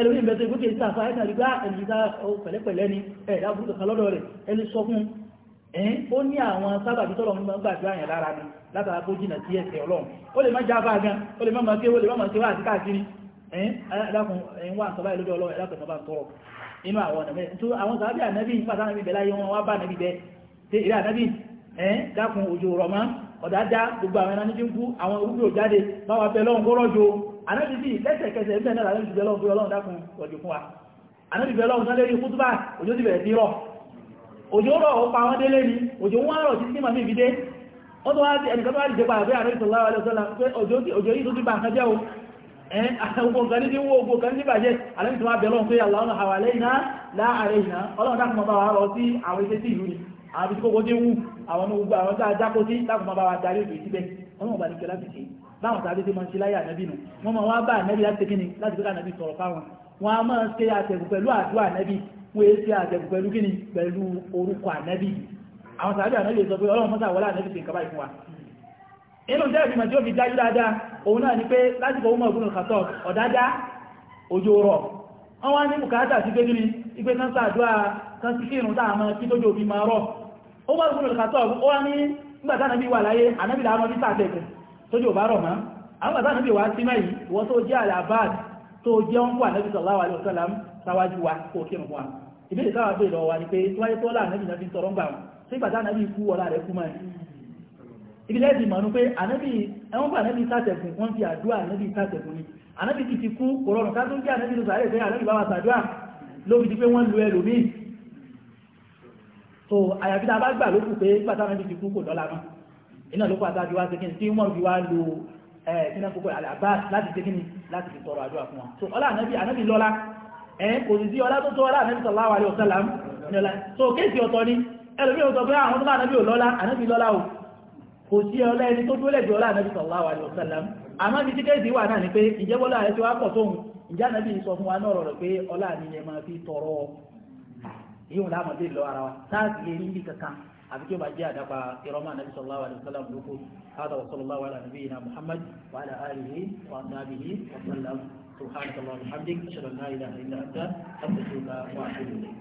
ẹlòmí ìbẹ̀tẹ̀ ìgbókè ìta àfáà ẹ̀ta rígbá ẹ̀lìdá pẹ̀lẹ́pẹ̀lẹ́ ni ẹ̀dá burúkú kan lọ́dọ̀ rẹ̀ ẹni sọ fún ẹ̀yìn ó ní àwọn sábàbí tọ́lọ̀ ń gbà jù àyàn lára ni látara kó jìnà sí ẹ̀sẹ̀ ọlọ́run ó lè má já bá gan ó lè má máa ké ó lè má máa ké wá àti káàkiri ẹ̀yìn adákun ẹ̀yìn wà sọ́bà ìlójú ọlọ́run ẹ̀dákun sọ́bà tọrọ inú àwọn ọ̀nà mẹ́rin tó àwọn sábàbí ànábì ń pàtàkì ànábì bẹ̀láyé wọn wá bá ànábì bẹ́ ṣe ìrẹ́ ànábì ẹ̀yìn dákun òjò rọ̀ mọ́ ọ̀dá dá gbogbo àwọn ẹran ní anábìbí lẹ́sẹ̀kẹsẹ̀ ìbẹ̀ náà làwọn ìbẹ̀ lọ́wọ́ bí ọlọ́run dákun wọ̀jù fún wa anábìbẹ̀ ọlọ́run tán lérí kútúbà òjò ti bẹ̀rẹ̀ sí rọ̀ òjò rọ̀ ó pa wọ́n délé ni òjò wọ́n rọ̀ sí símà mímí dé ó tó wá sí ẹnìkan tó wá dìde pàdé àrẹ́bì tó láwà lọ́sọ́lá pé òjò yìí tó ti bà kan jẹ́ o ẹn àwọn nǹkan ní wó ogun kan ní bàjẹ́ àrẹ́bì tó wá bẹ̀ lọ́wọ́ pé àlọ́run àwàlẹ́ iná láàrẹ iná ọlọ́run dákun bá wa rọ sí àwọn iṣẹ́ sí ìlú ni àwọn ibi tí kókó dé wù àwọn ọmọ gbogbo àwọn tá a jákó sí dákun bá wa darí òjò síbẹ̀ ọlọ́run bá ṣe báwọn tàbí tí wọ́n ṣe láyé ànábì nù wọ́n máa wá bá ànábì láti kíni láti gbọ́dọ̀ ànábì sọ̀rọ̀ fáwọn wọn a máa ṣe àtẹ̀kù pẹ̀lú àdúrà ànábì wọ́n èé ṣe àtẹ̀kù pẹ̀lú kíni pẹ̀lú orúkọ ànábì àwọn tàbí ànábì sọ pé ọlọ́run mọ́sà wọlé ànábì ṣe nǹkan báyìí fún wa inú tẹ́ẹ̀fì mà tí ó fi dájú dáadáa òun náà ni pé láti fọwọ́ mọ̀ ìgbónú kàtọ́ ọ̀dájá òjò rọ̀ wọ́n wá ní bùkátà sí gbégiri ipé kan sàdúrà kan sí kírun táà mọ́ kí tójò bí máa rọ̀ ó wá ìgbónú kàtọ́ ó wá ní nígbàtà ànábì wà láyé ànábì làwọn ọdún sàtẹ̀kùn tójú ọba rọ̀ máa àwọn àtàkùn bí wá sí mẹ́yìn wọ́n tó jẹ́ alabad tó jẹ́ ń wà nẹ́bí sallallahu alaihi wasallam sáwájú wa kó kí wọn wá ìbéèrè táwa bèèrè lọ wa ni pé tí wáyé tọ́lá nẹ́bí nẹ́bí tọrọ ń gbà wọn sí ìgbàdá nẹ́bí ikú ọlá rẹ̀ kú mẹ́rin ibi lẹ́ẹ̀dì mọ̀nú pé ànẹ́bí ẹwọ́n gbà nẹ́bí sàtẹ̀kùn wọ́n fi àdúrà nẹ́bí sàtẹ̀kùn ni ànẹ́bí ti ti kú kòrọ̀nù ká tó ń jẹ́ ànẹ́bí ló so àyàfi tá a bá gbà lókù pé gbàtà nẹ́bí iná ló pàtàkì wá sí kí n tí wọ́n fi wá lo ẹ̀ẹ́dínlẹ́ púpọ̀ àlàbá láti ṣe kíni láti fi tọrọ àdúrà fún wọn so ọlá ànábì ànábì lọ́lá ẹ̀ẹ́ kò sí sí ọlá tó tó ọlá ànábì sallallahu alaihi wasallam ní ọlá so kéèsì ọ̀tọ̀ ni ẹlòmí ò sọ pé ah, àwọn tó bá ànábì ò lọ́lá ànábì lọ́lá o kò sí ọlá ẹni tó dúró lẹ́bi ọlá ànábì sallallahu alaihi wasallam àmọ́ ibi tí kéèsì wà náà ni pé ìjẹ́wọ́lá rẹ̀ ti wá pọ̀ tóun ìjẹ́ ànábì sọ fún wa náà rọ̀rọ̀ pé ọlá mi yẹn máa fi tọrọ yíò láàmọ̀ dé lọ ara wa táàkì lè rí bí àfi kí o bá jẹ́ àdápa ìrọ́mà nàbí sallallahu alaihi wasallam lóko hádà wasallallahu ala nabiyyina muhammad wa ala alihi wa sahbihi wa sallam subhanaka allahumma wa bihamdik ashhadu an la ilaha illa anta astaghfiruka wa atubu ilayk